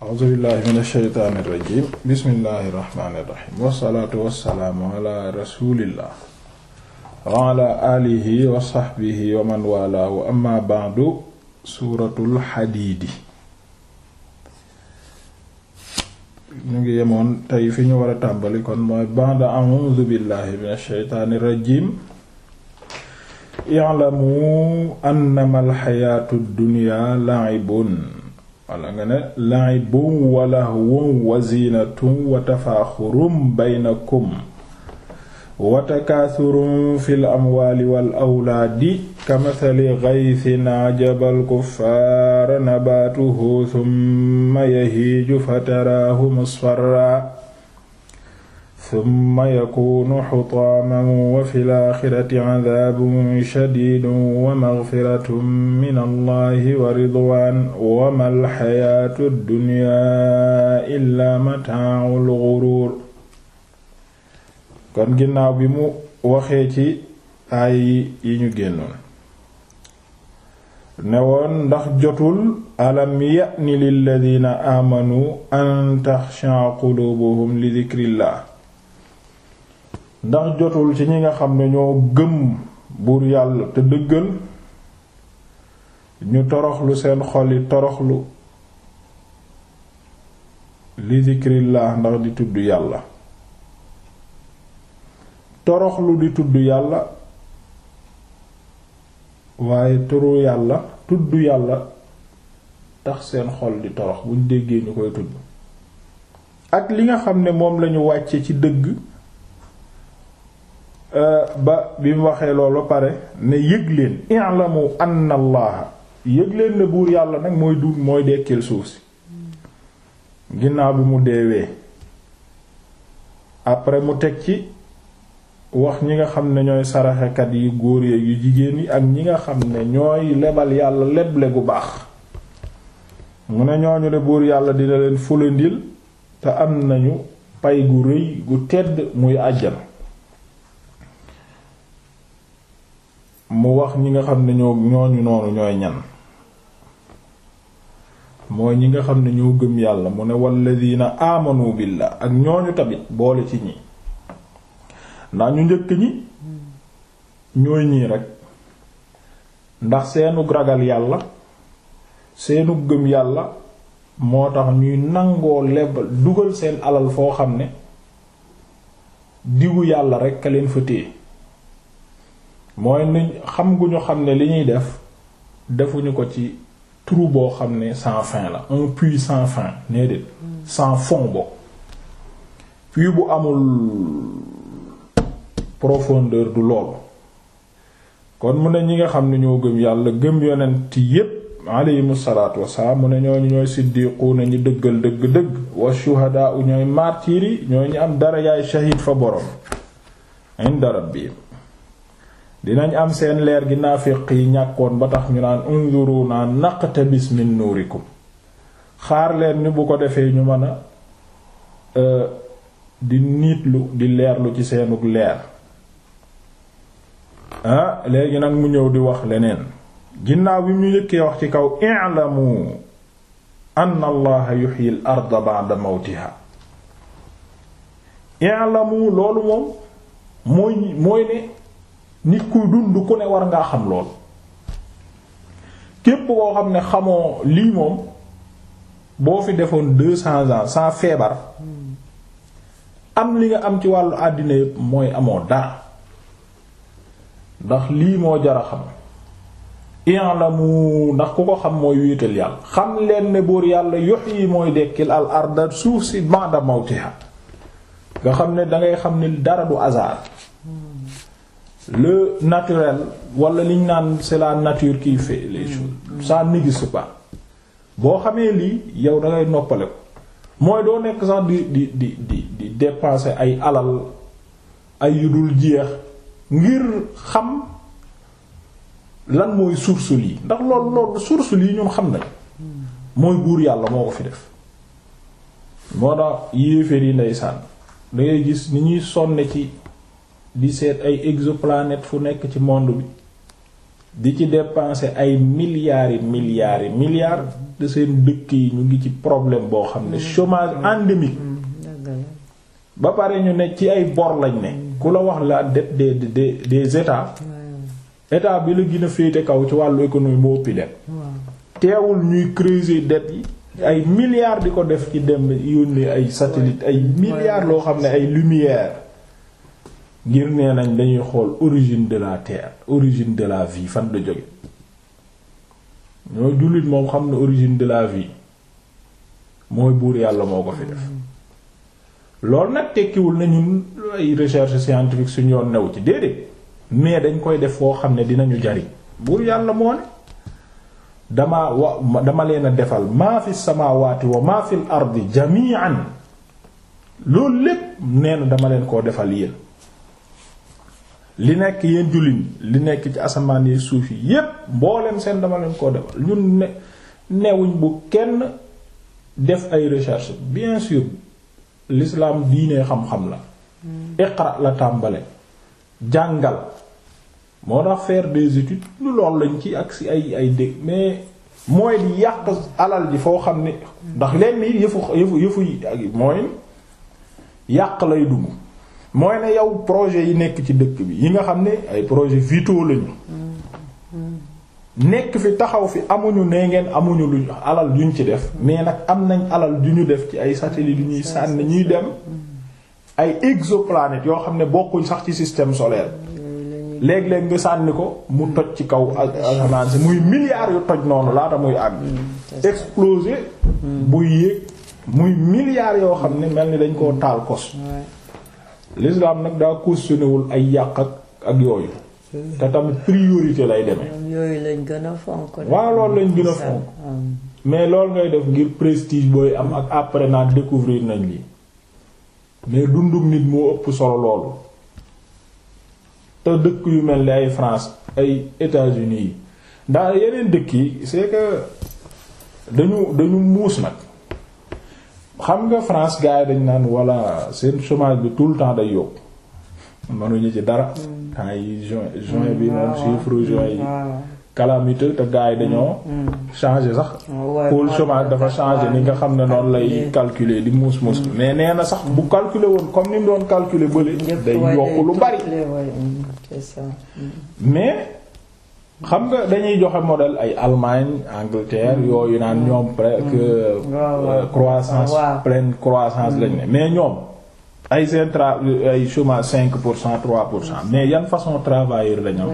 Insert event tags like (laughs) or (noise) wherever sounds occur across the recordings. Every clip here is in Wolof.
ahousubillah min alsheytaan irrajim bismillahi irrahmani irrahim wassalaatu wassalaamu ala rasulillah wa ala alihi wa saxbihi wa man walaahu amma ba'du suuratul xadiidi ñu ngi yemoon tey fi ñu war a tàmbali kon mooy ba'da a'uuzu billahi min alsheytaani irrajim i'lamu annama alxayaatu dunya la'ibun wala nga ne la'ibun wa lahwun wa zinatun wa tafaaxurun baynakum wa takaasurun fil amwaali wal awlaadi kamathali ghaythin ajaba al-kuffaara nabaatuhu thumma yahiiju fataraahu musfarra summa yakunu xutaaman wa fi laaxirati cadaabun shadiidun wa magfiratun min allahi wa ridwaan wa mal xayaatu dunyaa illaa mataacul guruur kon ginnaaw bi mu waxee ci ay yi ñu génnoon ne woon ndax jotul alam ya'ni lilladina aamanu an taxshaa quluubuhum li dikrillah ndax jotul ci ñi nga xam ne ñoo gëm buur yàlla te dëggal ñu toroxlu seen xol yi toroxlu li zikrillah ndax di tudd yàlla toroxlu di tudd yàlla waaye turu yàlla tudd yàlla tax seen xol di torox buñ déggee ñu koy tudd ak li nga xam ne moom lañu wàcce ci dëgg Euh, ba bi waxee loolu pare ne yëg leen i'lamu anna allaha yëg leen ne buur yàlla nag mooy du mooy dekkil suuf si ginnaaw bi mu deewee après mu teg ci wax ñi nga xam ne ñooy saraxekat yi góor yi jigéen yi ak ñi nga xam ne ñooy lebal yàlla leble gu baax mu ne ñooñu de buur yàlla dina leen fulandil te am nañu pay gu rëy gu tedd muy àjjana mu wax ñi nga xam ne ñoo ñooñu noonu ñooy ñan mooy ñi nga xam ne ñoo gëm yàlla mu ne walladina amanu billah ak ñooñu tamit boole ci ñi ndax ñu njëkk ñi ñooy ñii rekk ndax seenu ragal yàlla seenu gëm yàlla moo tax ñuy nangoo lebal dugal seen alal foo xam ne digu yàlla rekk ka leen fa mooy ni xam gu ñu xam ne li ñuy def defuñu ko ci trou boo xam ne sans fin la un puits sans fin nee déet sans fond bo bu amul profondeur du loolu kon mu ne ñi nga xam ne ñoo gëm yàlla gëm yonent yépp aleyhimu salaatu wassalaam mu ne ñooñu ñooy siddiquuna ñi dëggal dëgg-dëgg wa shuhadaa ñooy martyr yi ñooy ñi am dara yaay shahid fa borom inda rabbihim dinañ am seen leer gi naafiq yi ñàkkoon ba tax ñu naan unzuruna naqte min nuurikum xaar leen ñu bu ko defee ñu mën a euh, di niitlu di leerlu ci seenug leer ah, léegi nag mu ñëw di wax leneen ginaaw bi mu yëkkee wax ci kaw i'lamu anna allaha yuhyil arda mawtiha i'lamu loolu moom mooy mooy ne nit ku dund ku ne war ngaa xam lool képp koo xam ne xamoo lii moom boo fi defoon deux cents ans sans feebar am li nga am ci wàllu àddina yépp mooy amoo dara ndax lii moo jar a xam i'lamu ndax ku ko xam mooy wéetal yàlla xam leen ne buur yàlla yi mooy dekkil al arda suuf si ba'da mawtiha nga xam ne dangay xam ni dara du hasard le naturel wala liñ naan c'est la nature qui fait les mm. choses ça n'existe pas boo xamee lii yow da ngay noppale ko mooy doo nekk sax di di di di di ay alal ay yu dul jeex ngir xam lan mooy source lii ndax loolu loolu source lii ñun xam nañ mooy buur yàlla moo ko fi def moo tax yéeféer yi ndeysaan da ngay gis ni ñuy sonne ci di seet ay exoplanètes fu nekk ci monde bi di ci dépenser ay milliards yi milliards yi milliards de seen dëkk yi ñu ngi ci problème boo xam ne chomage endémique ba pare ñu ne ci ay bor lañ ne ku la wax la dette des des des états état bi la gën a féete kaw ci wàllu économie moo ëppi dem teewul ñuy creuser dette yi ay milliards di ko def ci dem yónnee ay satellite ay milliards loo xam ne ay lumière ngir nee nañ dañuy xool origine de la terre origine de la vie fan la jóge ñoo jullit moom xam ne origine de la vie mooy buur yàlla moo ko fi def loolu nag tekkiwul nañu ñun ay recherche scientifique suñu yoon new ci déedéet mais dañ koy def foo xam ne dinañu jariñ buur yàlla moo dama wa dama leen a defal maa fi samawati wa maa fil ardi jami'an loolu lépp nee na dama leen koo defal yéen li nekk yéen jullit li nekk ci asamaan yi suuf yi yépp mboolem seen dama leen koo defal ñun ne newuñ bu kenn def ay recherche bien sûr l'islam diine xam-xam la hmm. iqra la tàmbale jàngal moo tax faire des études lu lool lañ ci ak si ay ay dég mais mooy di yàq alal ji foo xam ne ndax lenn yëfu yëfu yëfu mooy yàq lay dugg mooy ne yow projet yi nekk ci dëkk bi yi nga xam ne ay projet vitaux lañu nekk fi taxaw fi amuñu nee ngeen amuñu luñ alal ñu ci def mais nag am nañ alal yu ñu def ci ay satellite yu ñuy sànni ñuy dem ay exoplanètes yoo xam ne bokkuñ sax ci système solaire léeg-léeg nga sànni ko mu toj ci kaw asamaan si muy milliards yu toj noonu laata muy àgg mm, exploser mm. buy yéeg muy milliards yoo xam ne mel ni dañ koo taal kos l'islam nag daa cautionné wul ay yàq ak ak yooyu. te tamit priorité lay demee. yooyu lañ gën loolu lañ gën fonk. mais loolu ngay def ngir prestige booy am ak après naa découvrir nañ lii mais dundum nit moo ëpp solo loolu te dëkk yu mel ni ay France ay États-Unis yi ndax yeneen dëkk yi c'est que dañu dañu muus nag. xam nga France gars yi dañ naan walla seen chômage bi tout le temps day yokk mënuñu ci dara temps yi juin juin bi mm, moom chiffre mm, juin yi calamité te gars yi dañoo mm, changé sax oh, pôle chômage dafa changé ni nga xam ne noonu lay calculer di muus muus mais nee na sax bu calculer woon comme ni mu doon calculer bële day yokk lu bari mais xam nga dañuy joxe modèle ay Allemagne Angleterre yooyu naan ñoom presque mm. mm. euh, croissance pleine croissance mm. lañ ne mais ñoom ay seen tra ay chômage cinq pour cent trois pour cent mais yan façon travailleur lañ am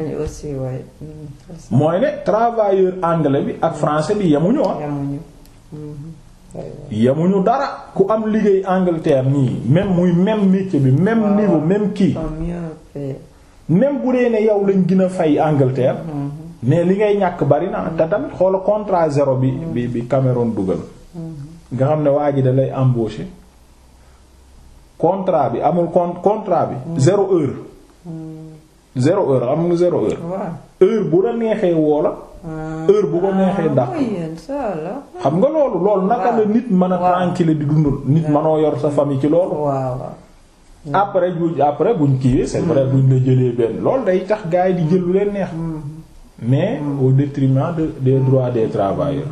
mooy ne travailleur anglais bi ak français bi yemuñu ah mm-hmm. yemuñu dara ku am liggéey Angleterre nii même muy même métier bi même niveau même kii même bu dee ne yow lañ gën a fay Angleterre mm-hmm. mais li ngay ñàkk bari na mm-hmm. te tamit xoola contrat zéro bi mm-hmm. bi bi Cameroun dugal nga xam ne waa ji da lay embaucher contrat bi amul con contrat bi zéro heure zéro heure amul zéro heure heure bu la neexee woola ah. heure bu ko neexee ah, ndax xam nga loolu lool naka la nit mën a tranquille di dundul nit mënoo yor sa famille ci loolu après bu après kii kiiwee c'est vrai buñ la jëlee benn loolu day tax gars yi di jël lu leen neex mais au détriment de des droits des travailleurs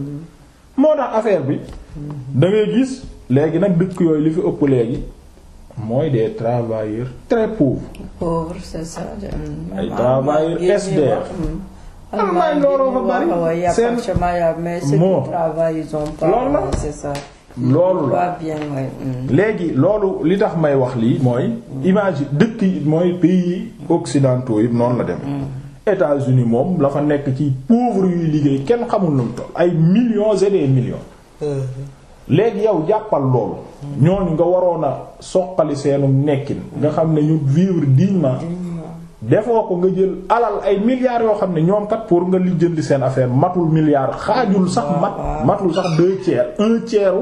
moo tax affaire bi da gis léegi nag dëkk yooyu li fi ëpp léegi mooy des travailleurs très pauvres. pauvres c'est ça. ay travailleurs am na looloo fa bari seen moo loolu la. loolu la mm. léegi loolu li tax may wax lii mooy image yi dëkk yi mooy pays occidentaux yi noonu la demee mm. États-Unis moom la fa nekk ci pauvre yuy liggéey kenn xamul lu toll ay millions et des millions euh. léegi yow yàppal loolu mm. ñooñu nga waroon a soqali seenu nekkin nga xam ne ñu vivre dignement defoo ko nga jël alal ay milliards yoo xam ne ñoom kat pour nga li jëndi seen affaire matul milliard xaajul sax mat matul sax deux tiers un tiers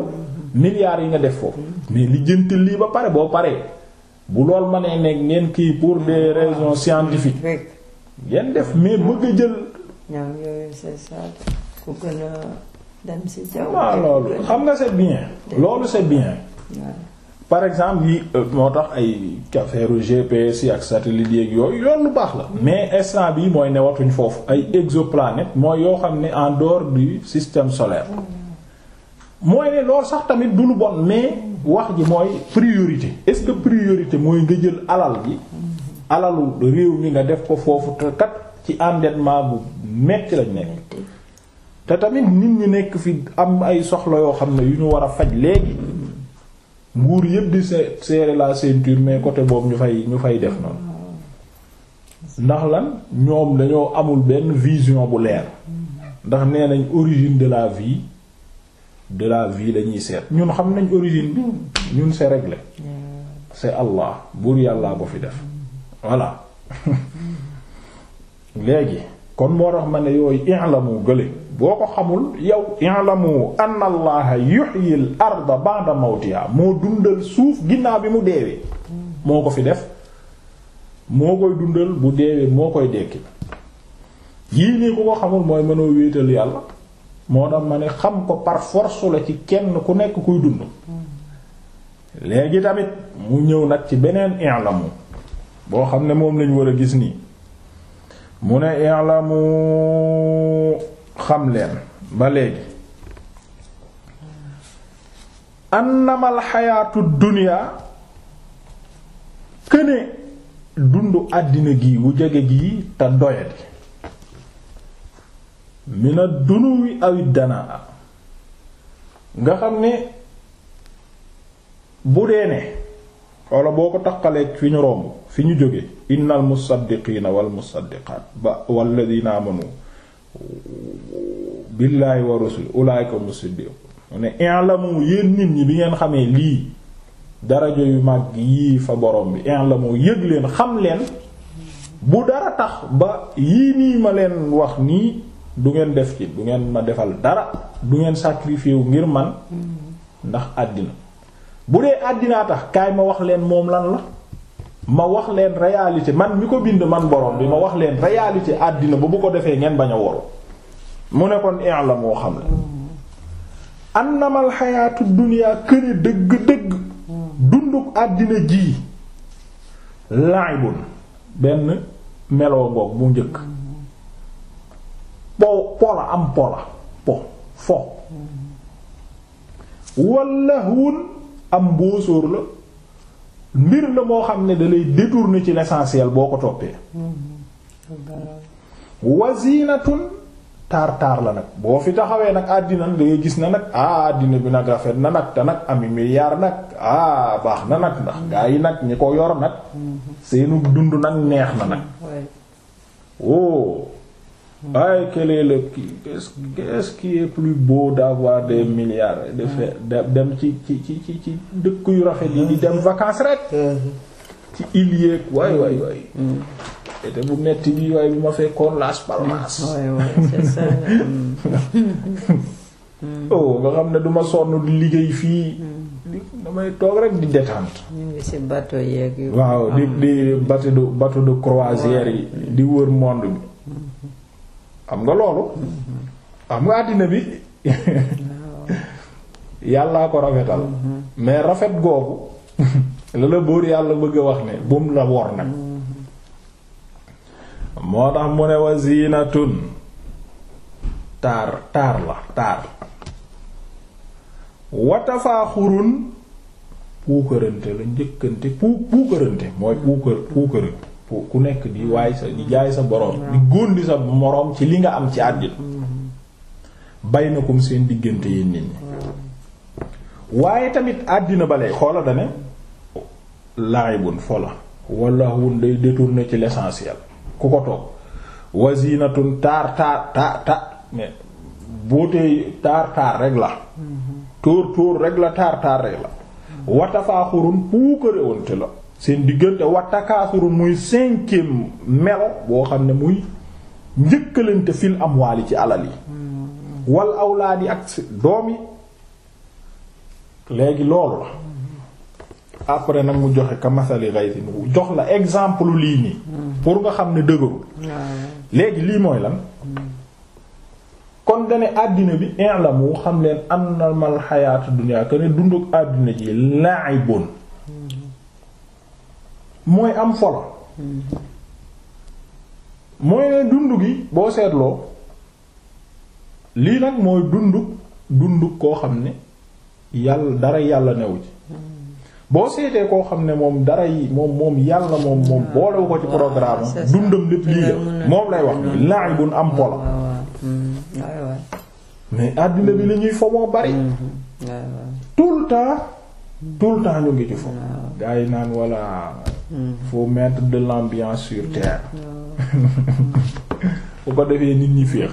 milliards yi nga def foofu mais li lii ba pare boo paree bu lool ma nee nekk ngeen kii pour des raisons scientifiques ngeen def mais bëgg a jël waaw ah, loolu xam nga c'est bien loolu c'est bien par exemple yi euh, moo tax ay affaire GPS yi ak satellite yeeg yooyu loolu baax la mm-hmm. mais instant bi mooy ne newatuñ foofu ay exoplanètes mooy yoo xam ne en dehors du système solaire mm-hmm. mooy ne loolu sax tamit du lu bon mais wax ji mooy priorité est-ce que priorité mooy nga jël alal bi mm-hmm. alalu réew mi nga def ko foofu te kat ci endettement bu metti lañ nekk te tamit nit ñi nekk fi am ay soxla yoo xam ne yu ñu war a faj léegi nguur yëpp di serrer la ture mais côté boobu ñu fay ñu fay def noonu ndax lan ñoom dañoo amul benn vision bu leer ndax nee nañ origine de la vie de la vie dañuy seet ñun xam nañ origine bi ñun c'est réglé c'est Allah buur yàllaa ko fi def voilà (laughs) léegi kon moo tax ma ne yooyu i'lamu gële boo ko xamul yow i'lamu anna allaha yuhyi arda ba'da mawtiha moo dundal suuf ginnaaw bi mu deewee moo ko fi def moo koy dundal bu deewee moo koy dekki yii nii ku ko xamul mooy mënoo wéetal yàlla moo tax ma ne xam ko par la ci kenn ku nekk kuy dund léegi tamit mu ñëw nag ci beneen i'lamu boo xam ne moom lañ war a gis nii mu ne i'lamu xam leen ba léegi annamal xayaatu duniyaa këne dundu àddina gi wu jege gi te doyadi mina dunuwi awit danaa nga xam ne bu dee ne walla boo ko taqaleeg fi ñu romb fi ñu jóge innal musaddiqiina wal musaddiqaat ba walladina amanu billaahi wa rasul ulaayka musiddiq mu ne i'lamu yéen nit ñi bi ngeen xamee lii darajo yu mag yii fa borom bi i'lamu yëg leen xam leen bu dara tax ba yii nii ma leen wax nii du ngeen def ci du ngeen ma defal dara du ngeen sacrifier wu ngir man ndax àddina bu dee àddinaa tax kaay ma wax leen moom lan la ma wax leen réalité man mi ko bind man borom bi ma wax leen réalité àddina ba bu ko defee ngeen bañ a woru mu ne kon la moo xam ne annamal xayaatu dunya këne dëgg-dëgg dunduk àddina ji laibun benn meloo ngoog bu njëkk po pola am pola po fo wallahun am boosóor la mbir la moo xam ne dalay détourner ci l'essentiel boo ko toppee wazinatun taar-taar la nag boo fi taxawee nag àddina da ngay gis na nag ah àddina bi nag rafet na nag te nag ami milliard nag ah baax na nag ndax gaa yi nag ñi ko yor nag mm-hmm. seenu dund nag neex na nag oh waaye quel est le qu'est-ce qui est plus beau d'avoir des milliards de mm. faire dem ci ci ci ci dëkk yu rafet yi di dem mm. vacances rek mm. ci il yéeg waay waay waay te bu metti bi waay bu ma fekkoon Las Palmas oh nga xam ne duma sonn di liggéey fii damay toog rek di détente ñu ngi ci bateau yeeg waaw di di bateau de bateau de croisière yi di wër monde bi xam nga loolu xam nga àddina bi (laughs) yàllaa ko rafetal mm-hmm. mais rafet googu (laughs) la la buur yàlla bëgg a wax ne bum la wor nag mm-hmm. moo tax mu ne wa ziinatun taar taar la taar watafaaxurun puukarante la njëkkante puukarante mooy puukar puukare ku nekk di waay sa di jaay sa boroom di góondi sa moroom ci li nga am ci àddina bay na kom seen diggante yéen nit ñi waaye tamit àddina ba lay xoola dane laibun fola walahun day détourner ci l'essentiel ku ko toog wazinatun taar taar taar taar mais beauté taar taar rek la mhm. tóor tóor rek la taar taar rek la watafaaxurun puukaréwante la seen diggante wa takaasuru muy cinquième melo boo xam ne muy njëkkalante fil amwaali ci alal yi wal awlaadi ak doom yi léegi loolu la après nag mu joxe ka masali ghaythin jox la exemple lii nii pour nga xam ne dëgëru léegi lii mooy lan kon dane àddina bi mu xam leen annamal hayatud dunya ne dunduk àddina ji bon mooy am folo mooy ne dund gi boo seetloo lii nag mooy dunduk dunduk koo xam ne yàlla dara yàlla newu ci boo seetee koo xam ne moom dara yi moom moom yàlla moom moom ah, boolewu ko ci programme dundam lépp lii la moom lay wax la'ibun am polo ah, mm, mais àddina bi li ñuy fo moo bari mm-hmm. tout le temps tout le temps ñu ngi ci fo ah, gaa naan walla faut mettre de l'ambiance sur terre bu (laughs) ko defee nit ñi féex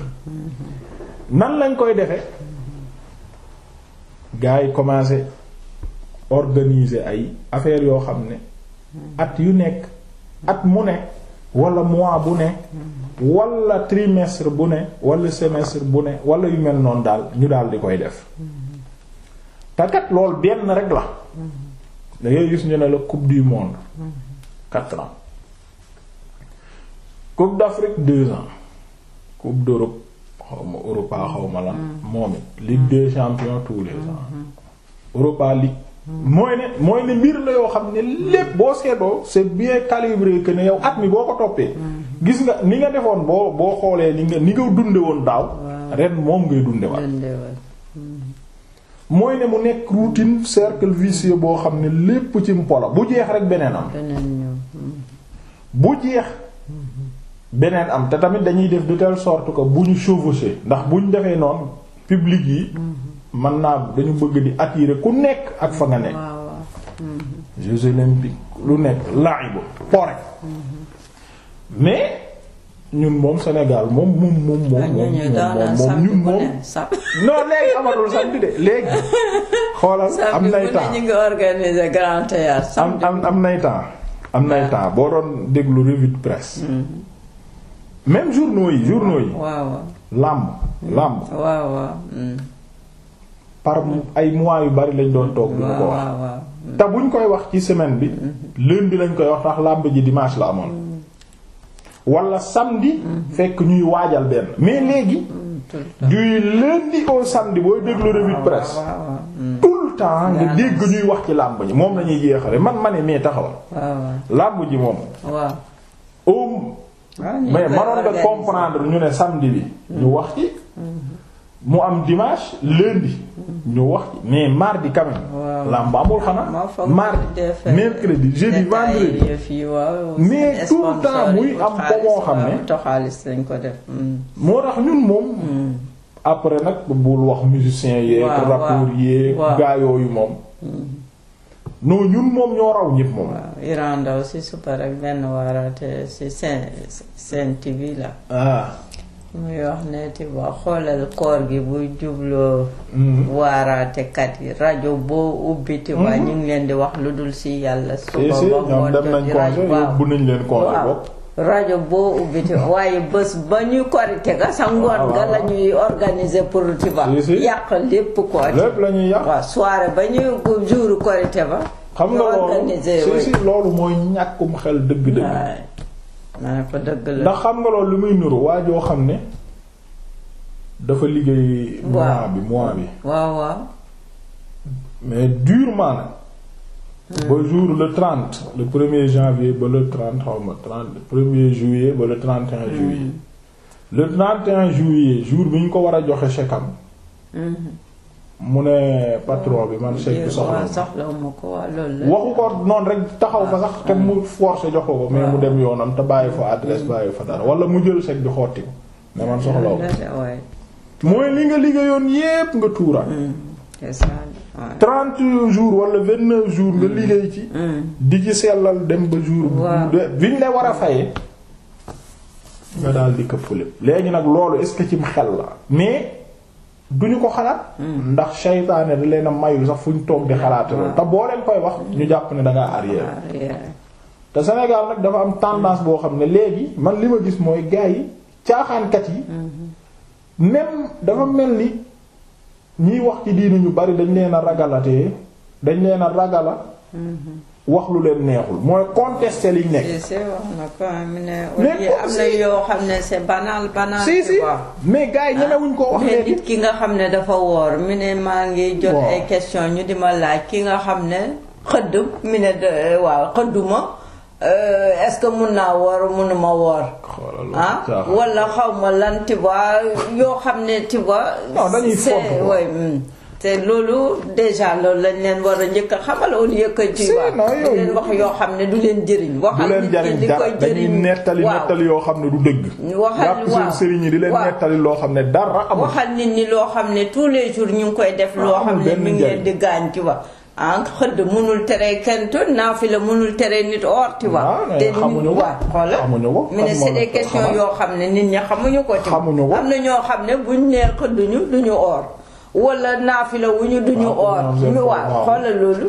nan lañ koy defe gars yi commencé organiser ay affaires yoo xam ne at yu nekk at mu ne walla mois bu ne wala trimestre bu ne wala semestre bu ne wala yu mel noonu daal ñu daal di koy def te kat loolu benn rek la da ngay gis ñu ne la coupe du monde quatre ans coupe d'Afrique deux ans coupe d'Europe xawma Europa xawma lan mm. moom it ligue des champions tous les ans mm-hmm. Europa League mm. mooy ne mooy ne mbir la yoo xam ne lépp boo seetoo c'est bien calibré que ne yow at mi boo ko toppee mm-hmm. gis nga ni nga defoon boo boo xoolee ni nga ni nga dunde woon daaw ren moom ngay dunde waat mm-hmm. mooy ne mu nekk routine cercle vicieux boo xam ne lépp ci mpola bu jeex rek beneen am bu jeex beneen am te tamit dañuy def de telle sorte que bu ñu chevauché ndax bu ñu defee noon public yi man naa dañu bëgg di attirer ku nekk ak fa nga nekk mhm. lu nekk laibu pore mhm. mais ñun moom Sénégal moom moom moom moom moom moom ñun moom (laughs) non léegi amatul sax bi de léegi (laughs) xoolal am nay temps am am nay temps am nay temps boo doon déglu revue de presse. Mhm. même journaux yi journaux yi. làmb làmb. waaw mhm. par mhm. ay mois yu bari lañ doon toog. waaw ko wax te buñ koy wax ci semaine bi. lundi lañ koy wax ndax làmb ji dimanche la amoon. wala samedi. fekk ñuy waajal benn mais léegi. du lundi au samedi booy déglu revue de presse. temps nga dégg ñuy wax ci làmb ji moom lañuy jeexale man ma ne mais taxawal ah, làmb ji moom om ah, mais manoon nga comprendre ñu ne samedi bi ñu mm-hmm. wax ci mm-hmm. mu am dimanche lundi mm-hmm. ñu wax ci mais mardi quand même làmb amul xanaa mardi mercredi jeudi vendredi mais tout temps muy am ko moo xam ne mm. moo tax ñun moom mm. après nag bul wax musiciens yeeg rappeurs yeeg gaa yooyu moom mm-hmm. non ñun moom ñoo raw ñëpp moom Iran Ndao si super ak benn waaraate si seen seen TV la ah. muy wax ne ti ba xoolal koor gi buy jubloo mm-hmm. waaraatekat yi rajo boo ubbi ti mm-hmm. ñu ngi leen di wax lu dul si yàlla suba ba ngoon dem nañ congé yóbbu bopp rajo boo ubbiti waaye bés ba ñu korite ga sa ngoon ga la ñuy organiser pour ti ba yàq lépp koorite lépp la ñuy yàq waaw ba ñu jour korite ba xam nga loolu si si loolu mooy ñàkkum xel dëgg-dëgg ndax xam nga loolu lu muy nuru waa joo xam ne dafa liggéey mois bi mois bi waaw waaw mais durement nag ba jour le 30 le premier janvier ba le 30 xaw ma 30 le premier juillet ba le 31 juillet mm. le 31 juillet jour bi ñu ko war a joxe chèque am mm-hmm. mu ne patron bi man chèque bi soxla ma ko waxu ko noonu rek taxaw fa sax te mu mm-hmm. forcé jox ko mais mu dem yoonam te bàyyi fa adresse mm-hmm. bàyyi fa dara wala mu jël chèque bi xotti ko ne man soxlaw mooy li nga liggéeyoon yépp nga tuuraat 30 jours wala 29 jours nga mm. liggéey ci. Mm. di ci sellal dem ba jour. waaw biñ la war a fayee. nga daal di këpp lépp léegi nag loolu est-ce que xel la mais duñu ko xalaat. Mm. ndax seytaane da leen a mayul sax fuñ toog di xalaat loolu. te boo leen koy wax ñu jàpp ne da ngaa ah, arrière. te Sénégal nag dafa am tendance boo xam ne léegi man li ma gis mooy gars yi caaxaankat yi. Mm-hmm. même dafa mel ni. ñiy wax ci diini ñu bari dañ leen a ragalatee dañ leen a ragala mhm. wax lu leen neexul mooy contester liñ nekk. si si am na yoo xam ne c'est banal banal. si si mais gars yi ko wax ah, mais ki nga xam ne dafa woor mi ne maa ngi jot ay question ñu di ma laaj ki nga xam ne xëdd mi ne waaw xëdduma Euh, est-ce que mun naa woor munuma woor ah wala xaw ma lan tu vois yoo xam ne tu vois c'est waaye hmm. te loolu déjà loolu lañ leen war a njëkk a xamal au lieu que ji wax leen wax yoo xam ne du leen jëriñ waxal nit ñi di koy jëriñ dañuy nettali nettali yoo xam ne du dëgg waxal waaw sëriñ yi di leen nettali loo xam ne dara amul waxal nit ñi loo xam ne tous les jours ñu ngi koy def loo xam ne mi ngi leen di gaañ ci wax ah xëdd mënul tere kenn tën naa fi la mënul tere nit or tu vois. te xamuñu ko mu ne c'est yoo xam ne nit ñi xamuñu ko. xamuñu ko am na ñoo xam ne buñ nee xëdduñu duñu or. wala naafila wuñu duñu or. waaw xoolal loolu.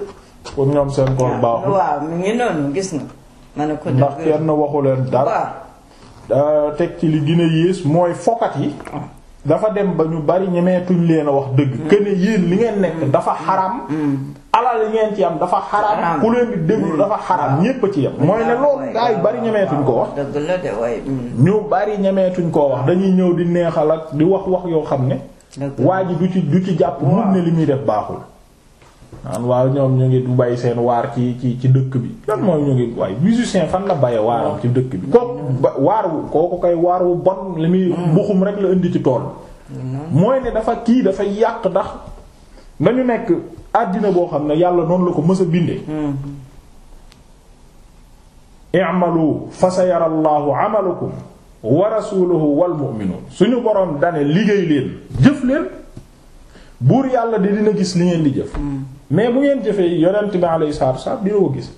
pour ñoom seen koor baaxul waaw mu ngi noonu gis na. ma ne ko ndax kenn waxu euh, teg ci li gën a yées mooy yi. Ah. dafa dem ba ñu bari ñemeetuñ leen a wax dëgg. Mm. que ne li ngeen nekk mm. dafa xaram. Mm. alal ngeen ci am dafa xaraam ku leen di déglu dafa xaraam mm. ñépp ci yam mooy ne loolu gaa yi bari ñemeetuñ koo wax mm. ñu bari ñemeetuñ koo wax dañuy ñëw di neexal ak di wax wax yoo xam ne waa ji du ci du ci jàpp mun ne li muy def baaxul naan waaw ñoom ñu ngi du bay seen waar ci ci ci dëkk bi lan mooy ñu ngi waaye musicien fan la baye waaram ci dëkk bi kooku waar wu kooku koy waar wu bon li muy mm. buxum rek la indi ci tool mm-hmm. mooy ne dafa kii dafa yàq ndax dañu nekk àddina boo xam ne yàlla noonu la ko mës a bindee i'malu fa sayara allahu amalakum wa rasuluhu wal mu'minun suñu boroom dane liggéey leen jëf leen buur yàlla di dina gis li ngeen di jëf mais bu ngeen jëfee yonent bi alayhi salaatu wasallam dina ko gis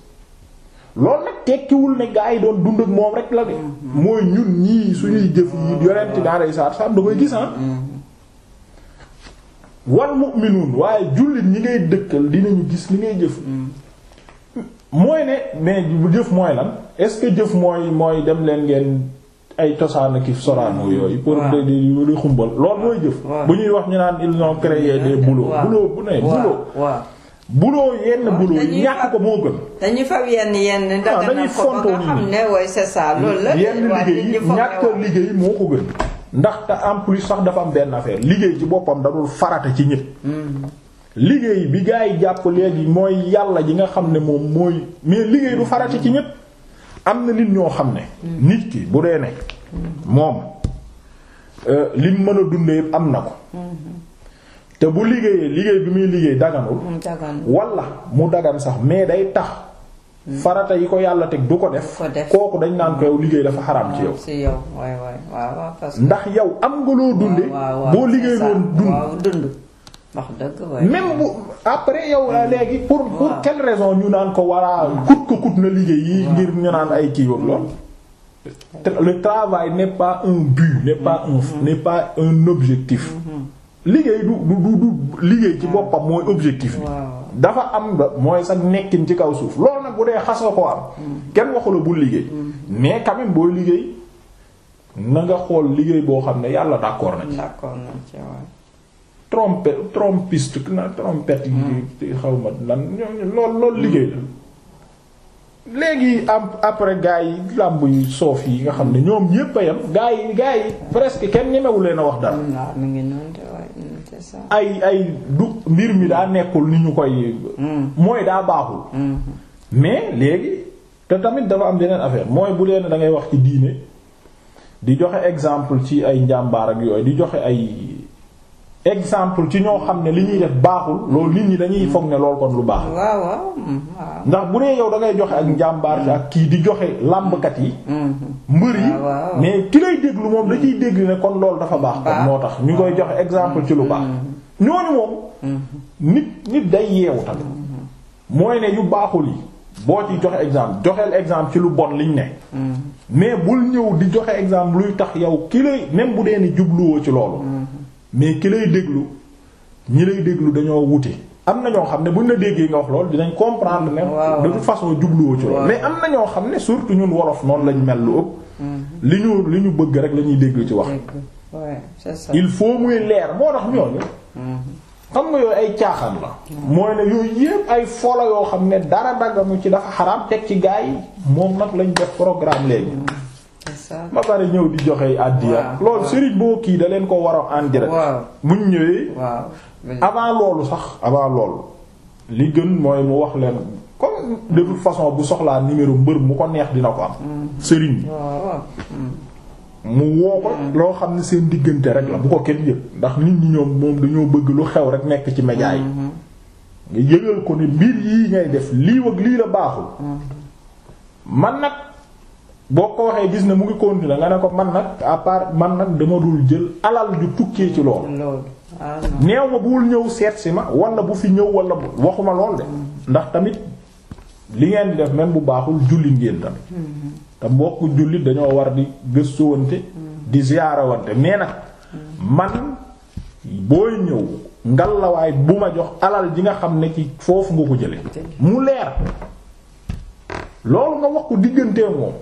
loolu nag tekkiwul ne gaa yi doon dund ak moom rek la de mooy ñun ñii suñuy jëf yi yonent bi alayhi salaatu wasallam da koy gis ah wal mu'minuun waaye jullit ñi ngay dëkkal dinañu gis li ngay jëf mm. mooy ne mais bu jëf mooy lan est-ce que jëf mooy mooy dem leen ngeen ay cosaan ak soraano yooyu pour de di xumbal loolu mooy jëf bu ñuy wax ñu naan ils ont créé des boulots boulot bu ne boulot boulot yenn boulot ñàkk ko moo gën dañuy fab yenn yenn ndax ah, dañuy fontoo nit ñi yenn liggéey yi ñàkk liggéey moo ko gën ndax te en plus sax dafa am benn affaire liggéey ci boppam da dul farata ci ñépp liggéey bi gaa yi jàpp léegi mooy yàlla ji nga xam ne moom mooy mais liggéey du farata ci ñépp am na nit ñoo xam ne nit ki bu dee ne moom euh, lim mën a dundee am na ko te bu liggéeyee liggéey bi muy liggéey daganul mm, wala mu dagan sax mais day tax farata yi ko yàlla teg du ko def kooku dañu naan ko yow liggéey dafa xaraam ci ah, yow ndax yow am nga loo dunde boo liggéey loon dund wax bu après yow léegi pour pour quelle raison ñu naan ko waraa kut ko kut na liggéey yi ngir ñu naan ay kii yoon lool le travail n'est pas un but n'est pas un mm-hmm. objectif mm-hmm. liggéey du du du liggéey ci boppam mooy objectif bi dafa am ba mooy sa nekkin ci kaw suuf lool nag bu dee xasoo ko am kenn waxula bul liggéey mais quand boo liggéey na nga xool liggéey boo xam ne yàlla d'accord na ci d'accord na na trompette yi mm. xaw ma lan lool loolu liggéey la léegi am après gaa yi làmb yu soof yi nga xam ne ñoom ñépp a yam gaa yi gaa yi presque kenn ñemewu leen wax dara mm, ay ay du mbir mi daa nekkul ni ñu koy mm. mooy daa baaxul mm-hmm. mais léegi te tamit dafa am yeneen affaire mooy bu leen dangay wax ci diine di joxe exemple ci ay njàmbaar ak yooyu di joxe ay exemple ci ñoo xam ne li ñuy def baaxul loolu nit ñi dañuy foog ne lool kon lu baax. waaw mm, waaw ndax bu dee yow da ngay joxe ak njàmbaar ak kii di joxe làmbkat yi. Mm, mm. mbër yi mais ki lay déglu moom da ciy ne kon loolu dafa baax. kon moo tax ñu koy joxe exemple ci lu baax. ñooñu moom. nit nit day yeewu tamit. mooy ne yu baaxul yi. boo ci joxe exemple joxeel exemple ci lu bon liñ ne. mais bul ñëw di joxe exemple luy tax yow ki lay même bu dee ni jubluwoo ci loolu. mais ki lay déglu ñi lay déglu dañoo wuti am na ñoo xam ne buñ la déggee nga wax loolu dinañ comprendre ne de toute façon jubluwoo ci lool mais am na ñoo xam ne surtout ñun wolof noonu lañ mel lu ëpp mm-hmm. li ñu li ñu bëgg rek la ñuy déglu ci wax il faut muy leer moo tax ñooñu mm-hmm. xam nga yooyu ay caaxaan la mooy ne yooyu yépp ay folo yoo xam ne dara daggamu ci dafa xaraam teg ci gaa yi moom nag lañu def programme léegi mm-hmm. ma pare ñëw di joxe àddiya lool sëriñ boo kii da leen ko war a en direct muñ ñëwee avant loolu sax avant loolu li gën mooy mu wax leen comme de toute façon bu soxlaa numéro mbër mu ko neex dina ko am mm. sëriñ mm. mu woo ko mm. loo xam ne seen diggante rek la bu ko kenn yëg ndax nit ñi ñoom moom dañoo bëgg lu xew rek nekk ci média yi mm-hmm. nga yëgal ko ne mbir yii ngay def lii wag lii la baaxul man nag boo ko waxee gis ne mu ngi continuer nga ne ko man nag à man nag dama dul jël alal ju tukkee ci loolu. Ah, neew ma bul ñëw seet si ma wala bu fi ñëw wala waxuma lool de mm-hmm. ndax tamit li ngeen di def même bu baaxul julli ngeen tamit. Mm-hmm. te mbokk jullit dañoo war di gëstuwante mm-hmm. di ziyaarawante nee nag man booy ñëw ngalawaay bu ma jox alal ji nga xam ne ci foofu nga ko jële mu leer loolu nga wax ko diggantee moom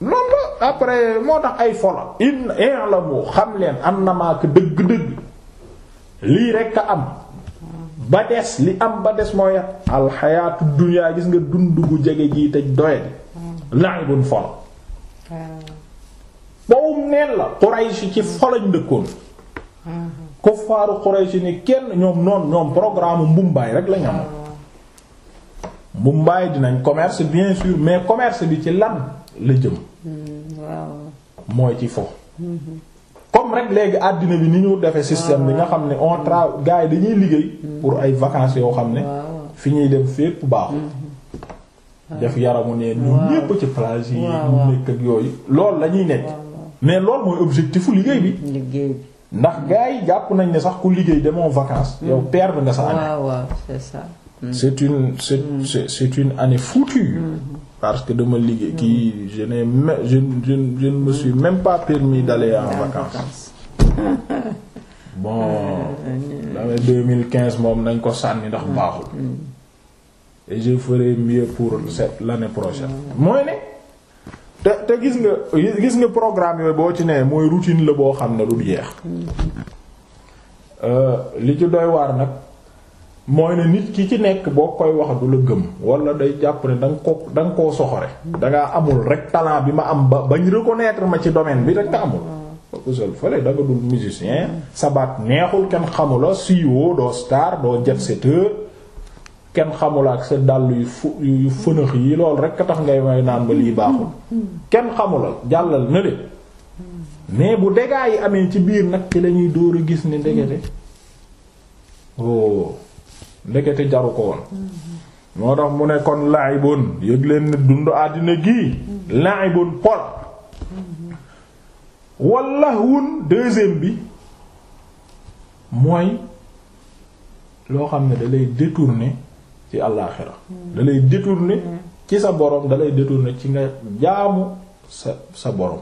loolu la après moo tax ay fola la i'lamu xam leen annama ka dëgg-dëgg lii rekk am ba des li am ba des mooy alxayaatu dunya gis nga dund gu jege jii te doye di la'ibun fola bowum neen la Quraysh ci folañ dëkkoon kuffaaru Quraysh ni kenn ñoom noonu ñoom programme mbumbaay rek lañ amoon mbumbaay dinañ commerce bien sûr mais commerce bi ci lan la jëm mooy ci fo comme rek léegi àddina bi ni ñu defe système bi nga xam ne on tra gars yi dañuy liggéey pour ay vacances yoo xam ne fi ñuy dem fépp baaxul mm-hmm. def yaramu neen ñoom ñépp ci plage yi ñu nekk ak yooyu loolu la ñuy nekk mais loolu mooy objectifu liggéey bi ndax gars yi jàpp nañ ne sax ku liggéey demoo vacances mm. yow perdre nga sax année c'est ça mm. c'est une c'est mm. c'est une parce que dama liggéey kii je n'ai je je je me suis même pas permis d'aller en vacances (laughs) bon l'année (laughs) 2015 moom nañ ko sànni ndax mm. baaxul mm. pour cette l'année prochaine mm. mooy ne te te gis nga gis nga programme yooyu boo ci nee mooy routine la boo xam ne lu jeex euh, li ci doy waar nag mooy ne nit ki ci nekk boo koy wax du la gëm walla day jàpp ne da ko da nga koo soxore dangaa amul rek talent bi ma am ba bañ reconnaître ma ci domaine bi rek te amul da nga dul musicien sabaat kenn xamula siwo doo star doo kenn xamula ak dàll yi loolu rek tax ngay may naan ba lii baaxul kenn xamula jàllal na le mais bu dégâts yi amee ci biir nag ki lañuy dóor a gis ni ndegete oh. ndekete jaru ko woon moo tax mu ne kon laibun yëg leen ne dund àddina gii laibun pol wun deuxième bi mooy loo xam ne da lay ci àllaaxira da lay ci sa borom dalay lay ci nga jaamu sa sa borom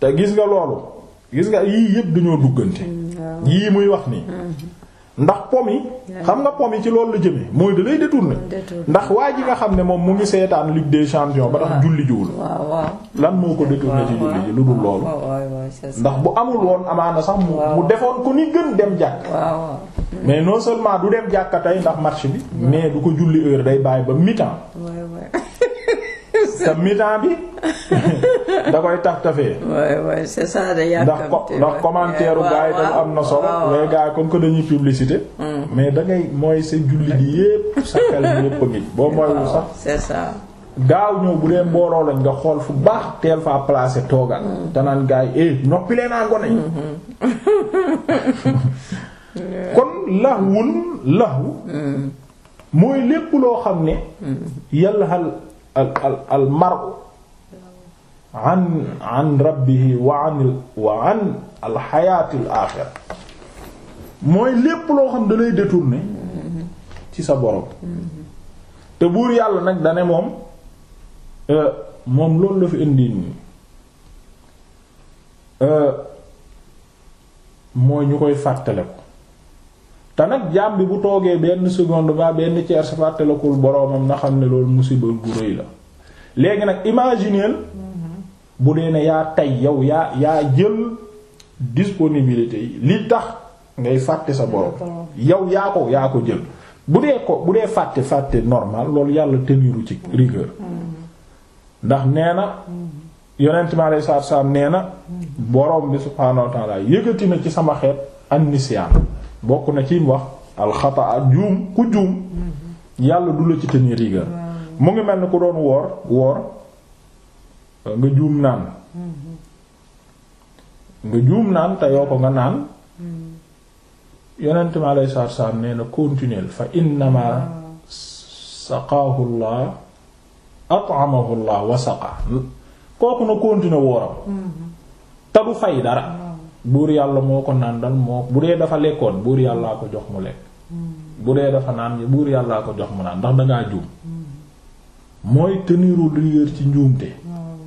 te gis nga loolu gis nga yii yëpp dañoo duggante mm, yii muy wax nii mm-hmm. ndax pom yi xam nga pom yi ci loolu la jëmee mooy da lay détourner ndax waa ji nga xam ne moom mu ngi seetaan Ligue des champions ba tax julli jiwul lan moo ko détourner ci julli ji lu dul loolu ndax bu amul woon amaana sax mu defoon ko ni gën dem jàkk mais non seulement du dem jàkka tey ndax match bi mais du ko julli heure day bàyyi ba mi (laughs) te mi bi (laughs) da koy taf tafee. ndax commentaire u gars am na solo. mais gars yi comme dañuy publicité. Mm. mais da mooy sa julli gi yépp sa xel yépp a ngi boo (laughs) mooyul sax. gaaw ñëw bu dee mbooloo nga xool fu baax teel faa placé toogal. danaan mm. gars yi eh noppi leen a mm-hmm. (laughs) kon lahwun lahu mm. mooy lépp loo xam ne. yàlla xal. al al al mar'u an an rabbihi wa an al xayaati aaxira mooy lépp loo xam da lay détourner ci sa borom te buur yàlla nag dane moom euh, moom loolu la fi indi nii euh, mooy ñu koy fàttale ko te nag jaam bi bu toogee benn seconde ba benn la ko boroomam na xam ne loolu musiba bu rëy la léegi nag imagineel bu dee ne yaa tay yow yaa yaa jël disponibilité yi li tax ngay fàtte sa borom yow yaa ko yaa ko jël bu dee ko bu dee fàtte fàtte normal loolu yàlla teniru ci rigueur ndax nee na yonent mi alayhi salaatu salaam nee na borom bi subhaanahu wa ta'aala na ci sama xeet an-nisyaan bokk na ci wax alxata juum ku juum yàlla du la ci tenir rigueur mu ngi mel ni ku doon woor woor nga juum naan mm-hmm. nga juum naan te yoo ko nga naan mm-hmm. yonent mi alayhi salaatu salaam nee na continuer fa innama saqaahu llah wa saqa kooku na continuer wooram mm-hmm. te du fay dara buur yàlla moo ko nàndal moo bu dee dafa lekkoon buur yàllaa ko jox mu lekk hmm. bu dee dafa naan buur yàllaa ko jox mu naan ndax dangaa juum hmm. mooy teniru rigueur ci njuumte hmm.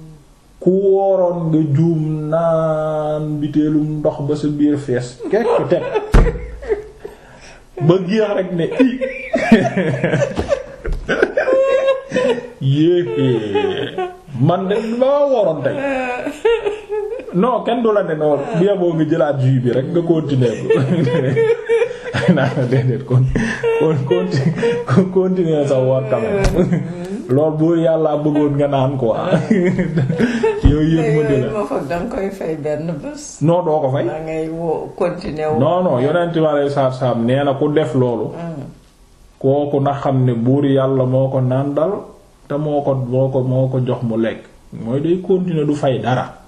ku wóoroon nga juum naan biteelum ndox ba sa biir fees kekk teg ba géex rek ne i (laughs) man de loo wóoroon tey (laughs) non kenn du la ne noonu ah. bi yaboo nga jëlaat jus bi rek nga continuer ko (laughs) naan loolu bu yàlla bëggoon nga naan quoi. (laughs) yooyu yëpp mën na la koy fay benn bés. non doo ko fay. da ngay woo continuer wu. non nee na ku def loolu. Mm. kooku na xam ne buur yàlla moo ko naan dal te moo ko moo ko moo ko jox mu lekk mooy day continuer du fay dara.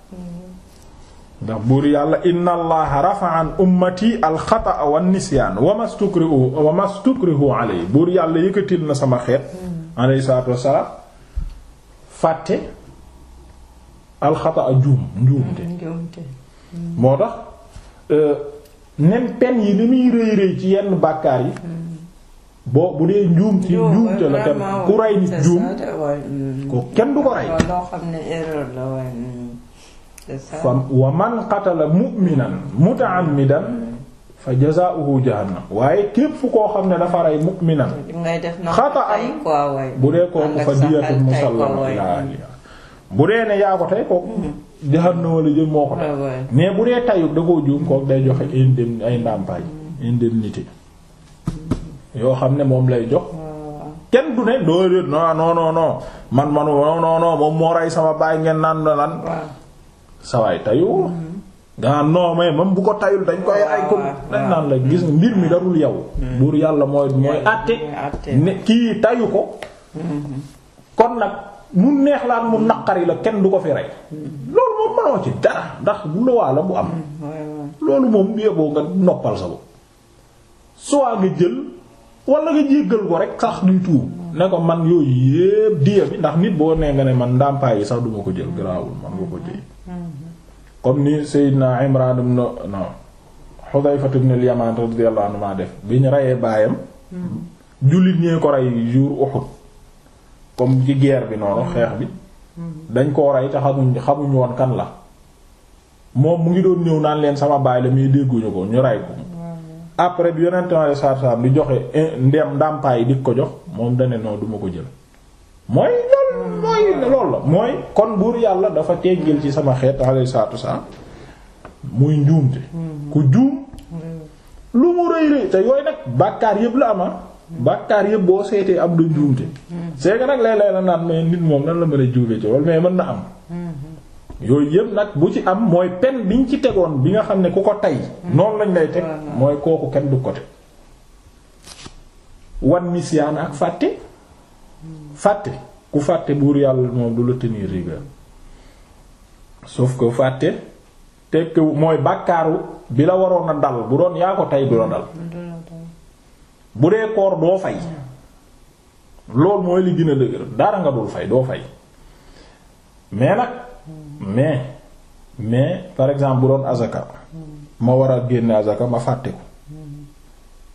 ndax buur yàlla inna allaha rafa an ummati alxataa wa nisyaan wa mastukrihu wa mastukrihu alay buur yàlla yëkkatil na sama xeet hmm. alayhi salaatu wassalaam fàtte alxataa juum njuumte hmm, hmm. moo tax euh, nen pen yi li muy rëy rëy ci yenn bàkkaar yi boo bu dee njuum ci njuumte la tam ku rey nit juum ko kenn du ko rey loo xam ne erreur la waaye wa man qatala mu'minan muta'ammidan fa jazaa'uhu jahannam waaye képp koo xam ne dafa rey mu'minan xata'an bu dee kooku fa diyatun musallama ila ahliha bu dee ne yaa ko tey kooku mm-hmm. jahannam wala jëm moo ko tey mais bu dee tayut da koo juum day joxe indemnité ay ndàmpaay mm-hmm. indemnité mm-hmm. yoo xam ne moom lay jox kenn du ne doo non non non man moom moo rey sama baay ngeen naan lan sawaay tayu nga mm-hmm. non mais moom bu ko tayul dañ koy ay ko dañ naan la gis mbir mi darul yow mm-hmm. buur yàlla mooy mooy àtte ne kii tayu ko mm-hmm. kon nag mu neex la mu naqari la kenn du ko fi rey loolu moom manoo ci dara ndax bu luwaa la bu am loolu moom yeboo nga noppal sa bopp soit nga jël wala nga jéggal ko rek sax duy tuub ne ko man yooyu yépp diya bi ndax nit boo nee nga ne man ndàmpaay yi sax duma ko jël garaawul man nga ko jël comme ni Seydina Imran ibn non Hudayfa ibn al-Yaman radiyallahu anhu ma def bi ñu reyee baayam mm-hmm. jullit ñee ko rey jour Uhud comme ci guerre bi noonu mm-hmm. xeex bi mm-hmm. dañ koo rey te xamuñ xamuñ woon kan la moom mu ngi doon ñëw naan leen sama baay la muy dégguñu ko ñu rey ko après bi yonentemale saar-saam di joxe eh, ndem ndàmpaay yi di ko jox moom dane non duma ko jël mooy loolu mooy loolu la mooy kon buur yàlla dafa teggil ci sama xeet alayhi salaatu wasalaam muy njuumte hmm. ku juum hmm. lu mu rëy rëy te yooyu nag bàkkaar yëpp la ama bàkkaar yëpp boo seetee am da njuumte hmm. c'est nag léeg-léeg naan mais nit moom nan la mën a juumee ci loolu mais mën na am yooyu yëpp nag bu ci am mooy pen biñ ci tegoon bi nga xam ne ku ko tey noonu lañ lay teg mooy kooku kenn du ko teg wan misiyaan ak fàtte fàtte ku fàtte buur yàlla moom du la tenir rigueur sauf que fàtte tekk mooy bàkkaaru bi la waroon a dal bu doon yaa ko tey du la dal bu dee koor doo fay loolu mooy li gën a dëgër dara nga dul fay doo fay mais nag mais mais par exemple bu doon azaka ma war a génne azaka ma fàtte ko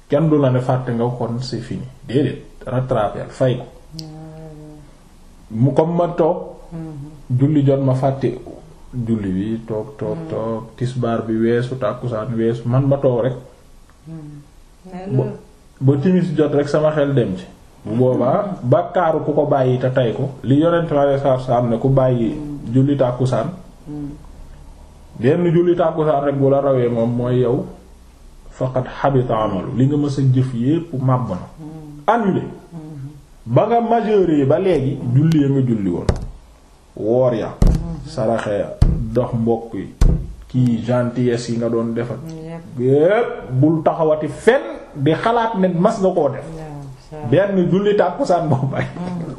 kenn du la ne fàtte nga kon c'est fini déedéet rattraper fay ko mu comme ma toog mm-hmm. julli jot ma fàtte julli bi toog toog mm. tisbaar bi weesu tàkkusaan weesu man ma toog rek mm. ba timis jot rek sama xel dem ci bu mm-hmm. boobaa bàkkaaru ku ko bàyyi te tay ko li yonent ma saar saar ne ku bàyyi mm. julli tàkkusaan genn julli tàkkusaan rek bu la rawee moom mooy yow faqat habita amalu li nga mës jëf yépp màbb na annulé ba nga majeure ba léegi julli ya nga julli woon woor ya saraxe ya dox mbokk yi kii gentillesse yi nga doon defal yépp bul taxawati fen di xalaat ne mas nga koo def benn julli tàkkusaan boo bay mm.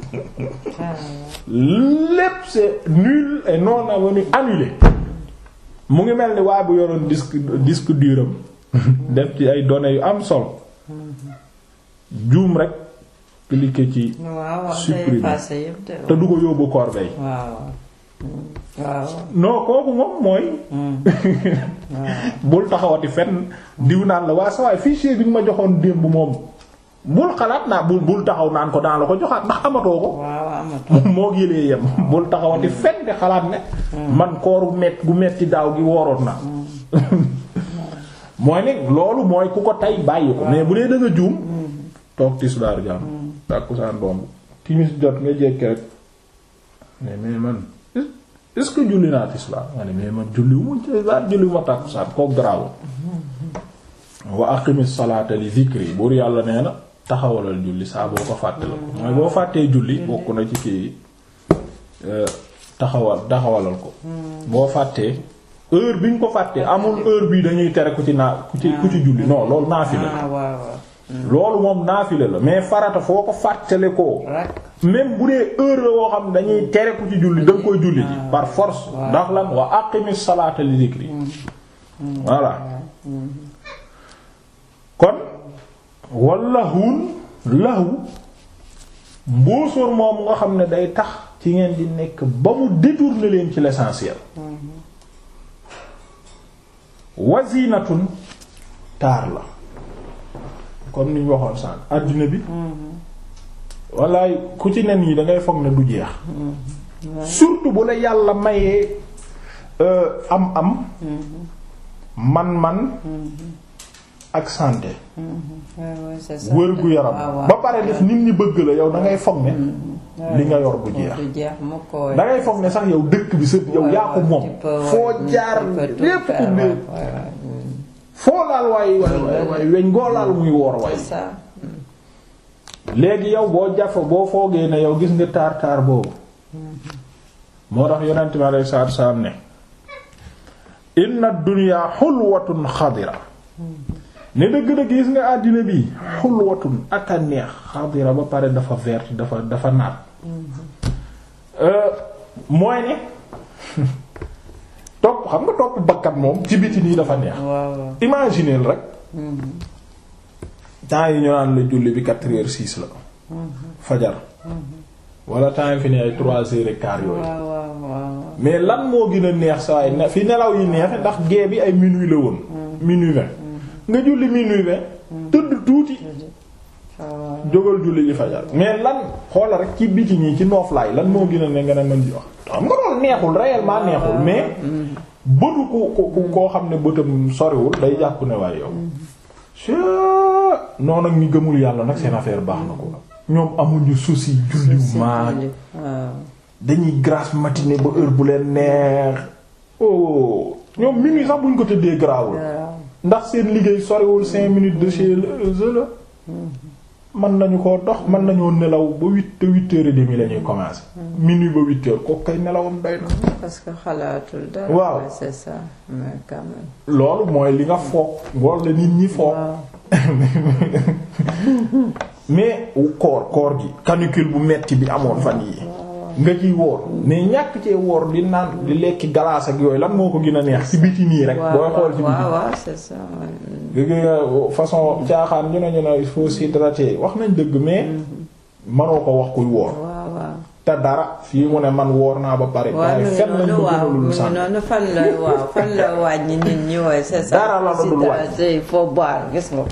(laughs) lépp c'est nul et non avenu annulé mu ngi mel ni waa bu yoroon disque disque duram (laughs) def ci ay donne yu am solo mm-hmm. juum rek cliquer ci. supprimer te du ko yóbbu corbeille. waaw non kooku moom mooy. Mm. (laughs) bul taxawati fenn diw naan la waa sa waay fichier bi ñu ma joxoon démb moom. bul xalaat naa bul bul taxaw naan ko daan la ko joxaat ndax amatoo ko. (laughs) moo gilee yem. Mm. bul taxawati mm. fenn di xalaat ne. man kooru met gu metti daaw gi wooroon na. (laughs) mooy ne loolu mooy ku ko tay bàyyi ko. mais bu dee da nga juum. toog tisbaar jàmm. tàkkusaan romb timis jot nga jekki rek mais man est-ce que julli naa tisbaar nga ne mais man julliwuma tisbaar julliwuma tàkkusaan koo garaawul wa aqimis salaata li zikri buur yàlla nee na taxawalal julli saa boo ko fàtte la ko mooy boo fàttee julli bokk na ci kii euh, taxawal taxawalal ko boo fàttee heure bi nga ko fàttee amul heure bii dañuy tere ku ci naa ku ci ku ci julli non loolu naafi la ah, loolu moom naafile la mais farata foo ko fàttale koo même bu dee heure la woo xam dañuy tere ku ci julli da nga koy julli ji ah. par force ndax lan wa aqimi salaata li zikri mm. Mm. voilà mm-hmm. kon wallahuun lahu mboosóor moomu nga xam ne day tax ci ngeen di nekk ba mu détourner leen ci l'essentiel mm-hmm. wazinatun taar la kon ni waxoon sànq àddina bi mm-hmm. wallaay ku ci nen yi da ngay foog ne du jeex mm-hmm. surtout bu la yàlla mayee euh, am am mm-hmm. man-man ak sante wër gu yaram ba pare def nit ñi bëgg la yow da ngay foog ne li nga yor bu jeex da ngay foog ne sax yow dëkk bi sa yow yaa ko moom foo jaar lépp ku foo laal waay waay weñ goo laal muy woor waay léegi yow boo jafo boo foogee ne yow gis nga taar taar boobu moo tax yonent mi alayhi salaatu xadira ne dëgg-dëgg gis nga àddina bi xulwatun ak a neex xadira ba pare dafa vert dafa dafa naat mhm. euh, mooy ne (laughs) topp xam nga topp bakkat moom ci biti nii dafa neex. imagineel rek. Mm-hmm. temps yi ñu naan la julli bi quatre heures six la. Mm-hmm. fajar. Mm-hmm. wala temps yi fi ne ay trois heures et yooyu. mais lan moo gën a neex sa yi fi nelaw yi neex ndax gée bi ay minuit la woon. minuit vingt nga julli minuit vingt. jógal julli ji fajar mais lan xoola rek ci biti ñii ci nooflaay lan moo gën a ne nga ne mën di wax xam nga loolu neexul réellement neexul mais bëtu ku ku koo xam ne bëtam soriwul day jàpp ne waaye yow noonu ak gëmul yàlla nag seen affaire baax na ko ñoom amuñu souci julliw maag dañuy grasse matinée ba heure bu leen neex oh! ñoom minuit sax buñ ko tëddee garaawul ndax seen liggéey soriwul cinq minutes de chez eux mën nañu koo dox mën nañoo nelaw ba huit te huit heures et demie la ñuy commencer. Hmm. minuit ba huit heures kooku kay nelawam doy na. Hmm, que xalaatul dara. waaw loolu mooy li nga foog wala nit ñi foog. (laughs) mais koor koor gi canicule bu metti bi amoon fan yi nga ciy woor mais ñàkk cee woor di naan di lekki galaas ak yooyu lan moo ko gën a neex ci biti nii rek. booy xool ci biti. waaw façon caaxaan ñu ne ñu ne il faut s'hydrater wax nañ dëgg mais. Mm-hmm. manoo ko wax kuy woor. te dara fii mu ne man woor naa ba pare. waaye fenn lañ ko gënalul sax noonu fan waaw fan la wàññi nit ñi waaye c'est ça. dara la dul wàññi faut boire gis nga.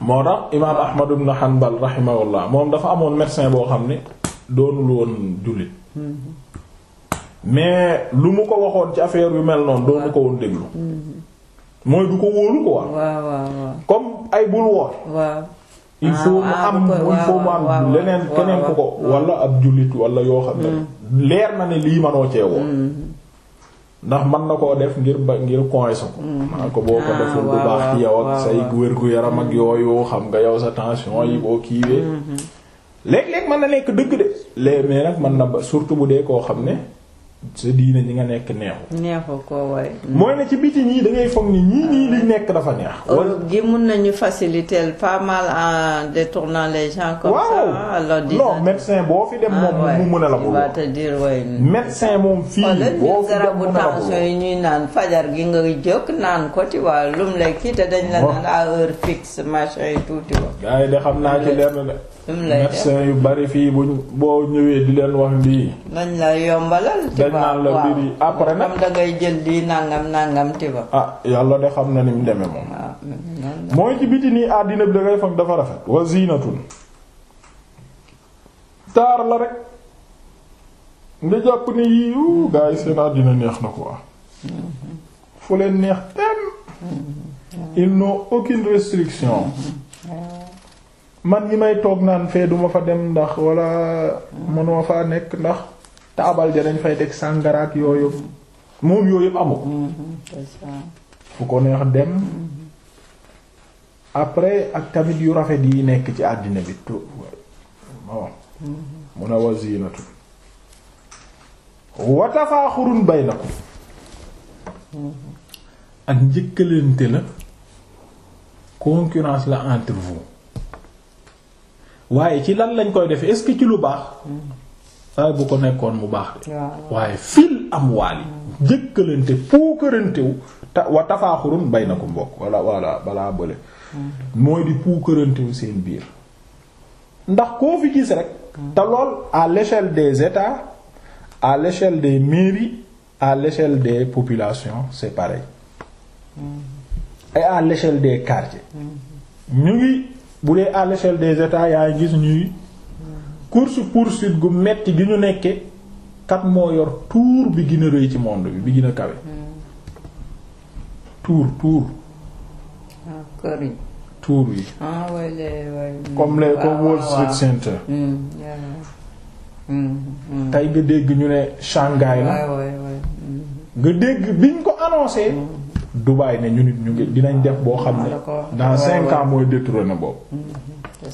moo tax imaam Ahmad ibn Hanbal rahimahullah moom dafa amoon médecin boo xam ne doonul woon jullit. mais lu mu ko waxoon ci affaire yu mel noonu doonu ko woon déglu mooy du ko wóolu ko waaw comme ay bul woor ah, ah, il faut mu am leneen keneen ku ko wala ab jullit wala yoo xam ne hmm. leer na ne lii manoo cee hmm. ndax mën na ko def ngir ba ngir coince ko hmm. maa ko boo ko ah, deful bu baax ci yow ak say wér-gu-yaram ak yooyu xam nga yow sa tension yi boo kiiwee léeg-léeg mën na nekk dëgg de léegi mais nag mën na ba surtout bu dee koo xam ne sa diine ñi nga nekk neexu. neexu koo waaye. Hmm. mooy ne ci biti ñii da ngay ni ñii nii liñ nekk dafa neex. Euh, wala gi mun nañu faciliter pas mal en médecin boo fi dem ah, moom mu mën a la ko. médecin moom fii boo fi dem mu mën a yi ñuy naan fajar gi nga jóg naan ko tiwa lum lay kii te dañ la oh. naan heure fixe machin yi tuuti wa. gars yi xam naa ci leer na médecin yu bari fii bu boo ñëwee di leen wax lii. nañ la yombalal. dañ naan la mbir yi après jël di nangam nangam tiba. ah yàlla de xam na ni mu demee moom. Ah, mm, mooy ci biti nii àddina bi da ngay dafa rafet. wa taar la rek nga jàpp ni yii gaa yi seen àddina neex na quoi. fu leen neex tem. Mm-hmm. ils n'ont aucune restriction. Mm-hmm. man yi may toog naan fee duma fa dem ndax wala mënoo fa nekk ndax taabal ja dañ fay teg sàngaraak yooyu moom yooyu yëpp amul mm-hmm. fu ko neex dem mm-hmm. après ak tamit yu rafet yi nekk ci àddina bi to bon mm-hmm. mu ne wa ziinatu wa tafaaxurun baynakum ak njëkkalante la concurrence la entre waaye ci lan lañ koy def est ci lu baax waaye mm. bu ko nekkoon mu baax de waaye fil amwaal yi jëkkalante puukarantewu ta wa tafaaxurun bay na ko mbokk walla walla balaa bële mm. mooy di puukarantewu seen biir ndax koo fi gis rek mm. te lool à l'échelle des États à l'échelle des mairies à l'échelle des population c'est pareil à l'échelle des quartiers ñu ngi bu dee à l'échelle des états yaa gis ñuy course poursuite gu metti gi ñu nekke kat moo yor tour bi gën a rëy ci monde bi bi gën a kawe tour tour ah, tour yi ah, comme les comme ah, World Trade Center hmm, hmm, hmm. tey nga dégg ñu ne Shanghai la nga dégg biñ ko annoncé Dubaï ne ñu nit ñu ngi dinañ def boo xam ne dans cinq ans mooy détrôner boobu mm-hmm.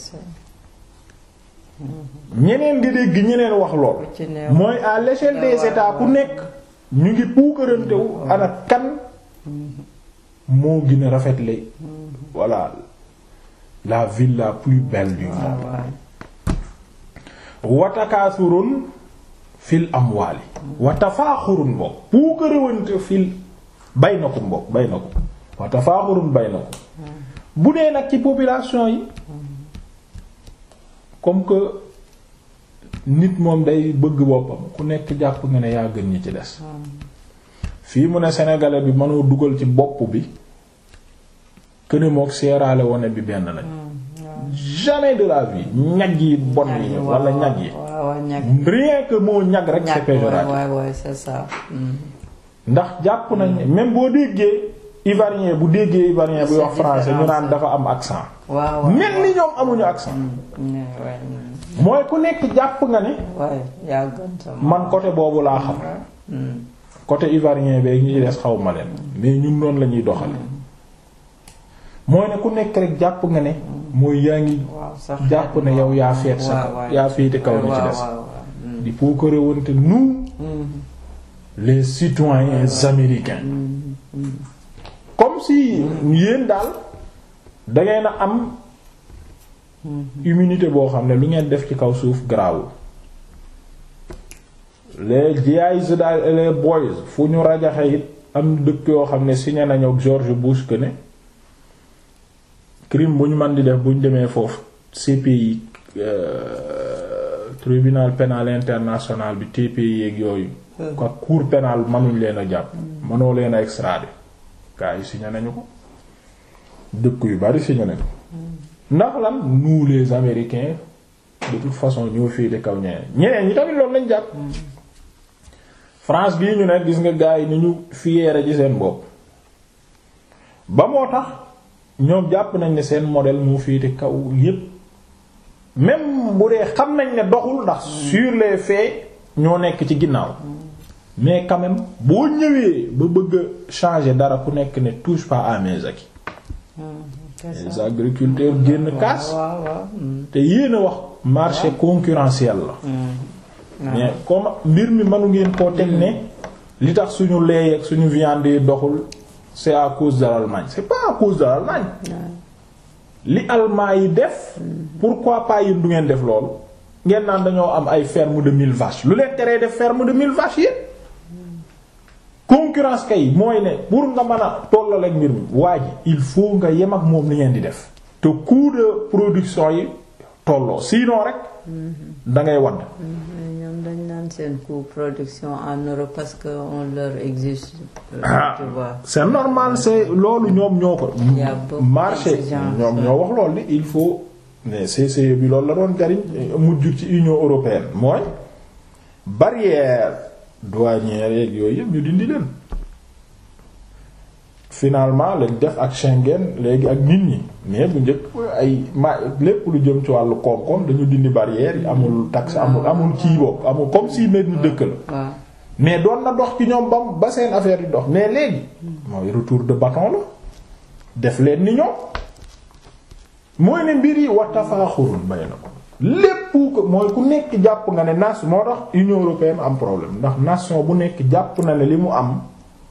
mm-hmm. ñeneen di dégg ñeneen wax lool mooy à l'échelle des ku nekk ñu ngi puukarantewu mm-hmm. ana kan moo gën a rafetle voilà la ville la plus belle du monde watakaasurun fil amwaali watafaaxurun boobu puukarawante fil bay baynakum bokk baynakum wa tafaaxurun baynakum bu dee nag ci population yi comme que nit moom day bëgg boppam ku nekk jàpp nga ne yaa gën ñi ci des fii mu a sénégalais bi mënoo dugal ci bopp bi këne mook seeraale wone bi benn lañ mm, jamais de la vie ñag yi bon yi wala ñag yi rien que moo ñag rek c'est péjoratif ndax jàpp nañ même boo déggee ivoirien bu déggee ivoirien buy wax français ñu naan dafa am accent. waaw mel ñoom amuñu accent. Mm, mm, mm, mooy ku nekk jàpp nga ne. man côté boobu laa xam. côté ivarien beeg ñi des xaw ma leen. mais ñun noonu la ñuy doxal mooy ne ku nekk rek jàpp nga ne. mooy yaa ngi. jàpp ne yow yaa feet sa kaw yaa féete kaw ni ci des. di puukkare wante nu. les citoyens américains comme si yéen daal da ngeen a am immunité boo xam ne lu ngeen def ci kaw suuf garaawul les GIs daal les boys fu ñu rajaxe it am dëkk yoo xam ne signé nañu ak George Bush que ne crime bu ñu mën di def bu ñu demee foofu CPI euh, tribunal penale international bi TPI ak yooyu kon cour pénale mënuñ leen a jàpp mm. mënoo leen a extrader gaa yi signé nañu ko dëkk yu bari signé nañu mm. ndax lan nous les américains de toute façon ñoo féete kaw ñeneen ñeneen ñi tamit loolu lañ jàpp mm. France bii ñu ne gis nga gaa yi ni ñu fiyeere ji seen bopp ba moo tax ñoom jàpp nañ ne seen modèle mu féete kaw yépp même bu dee xam nañ ne doxul ndax sur les faits ñoo nekk ci ginnaaw mais quand boo ñëwee ba bëgg a changer dara ku nekk ne touche pas à mes acquis mm, les agriculteurs génn casse mm, mm. te yéen a wax marché concurrentiel la mais comme mbir mi mënu ngeen koo teg ne li tax suñu lait ak suñu viande doxul c'est à cause de l'Allemagne c'est pas à cause de l'Allemagne li Allemagne yi def pourquoi pas yi du ngeen def loolu ngeen naan dañoo am ay ferme de mille vaches lu leen teree def ferme de mille vaches yépp concurrence kay mooy ne pour nga man a tollaleeg mbir mi waa ji il faut nga yem ak moom li ngeen di def te coût de production yi tolloo sinon rek mhm. da ngay wadd mhm, ñoom dañ naan seen coût production en parce que on leur exige euh, ah, tu vois c'est normal c'est loolu ñoom ñoo ko marché ñoom ñoo wax loolu ni il faut mais CCE bi loolu la doon jariñ mujj ci Union européenne mooy barrière douanière yeeg yooyu yëpp ñu dindi leen finalement lañ def ak Schengen léegi ak nit ñi mais bu njëkk ay ma lépp lu jëm ci wàllu koom dañu dindi barrière yi amul taxe amul ah. amul kii boobu amul comme si mel ñu ah. dëkk la ah. mais doon na dox ci ñoom bam ba seen affaire di dox mais léegi hmm. mooy retour de bâton la def leen ni ñoom mooy ne mbir yi wa tafaaxurun baynakum lépp ko mooy ku nekk jàpp nga ne nas moo tax Union européenne am problème ndax nation bu nekk jàpp na ne li mu am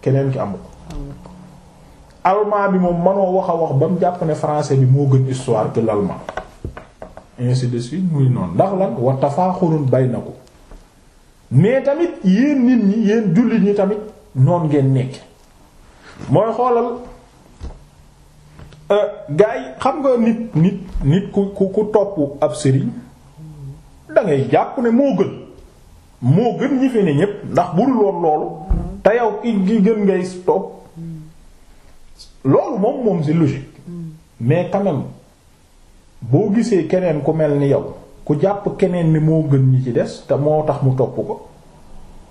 keneen ki amu ko bi moom mënoo wax a wax ba mu jàpp ne français bi moo gën histoire que l'allemand ainsi de suite muy noonu ndax lan wa tafaaxurun baynakum mais tamit yéen nit ñi yéen jullit ñi tamit noon ngeen nekk mooy xoolal Euh, gars yi xam nga nit nit nit ku ku ku topp ab sëriñ dangay jàpp ne moo gën moo gën ñi fi ne ñépp ndax bu dul woon loolu te yow ki gën ngay topp loolu moom moom c'est logique mais quand boo gisee keneen ku mel ni yow ku jàpp keneen ni moo gën ñi ci des te moo tax mu topp ko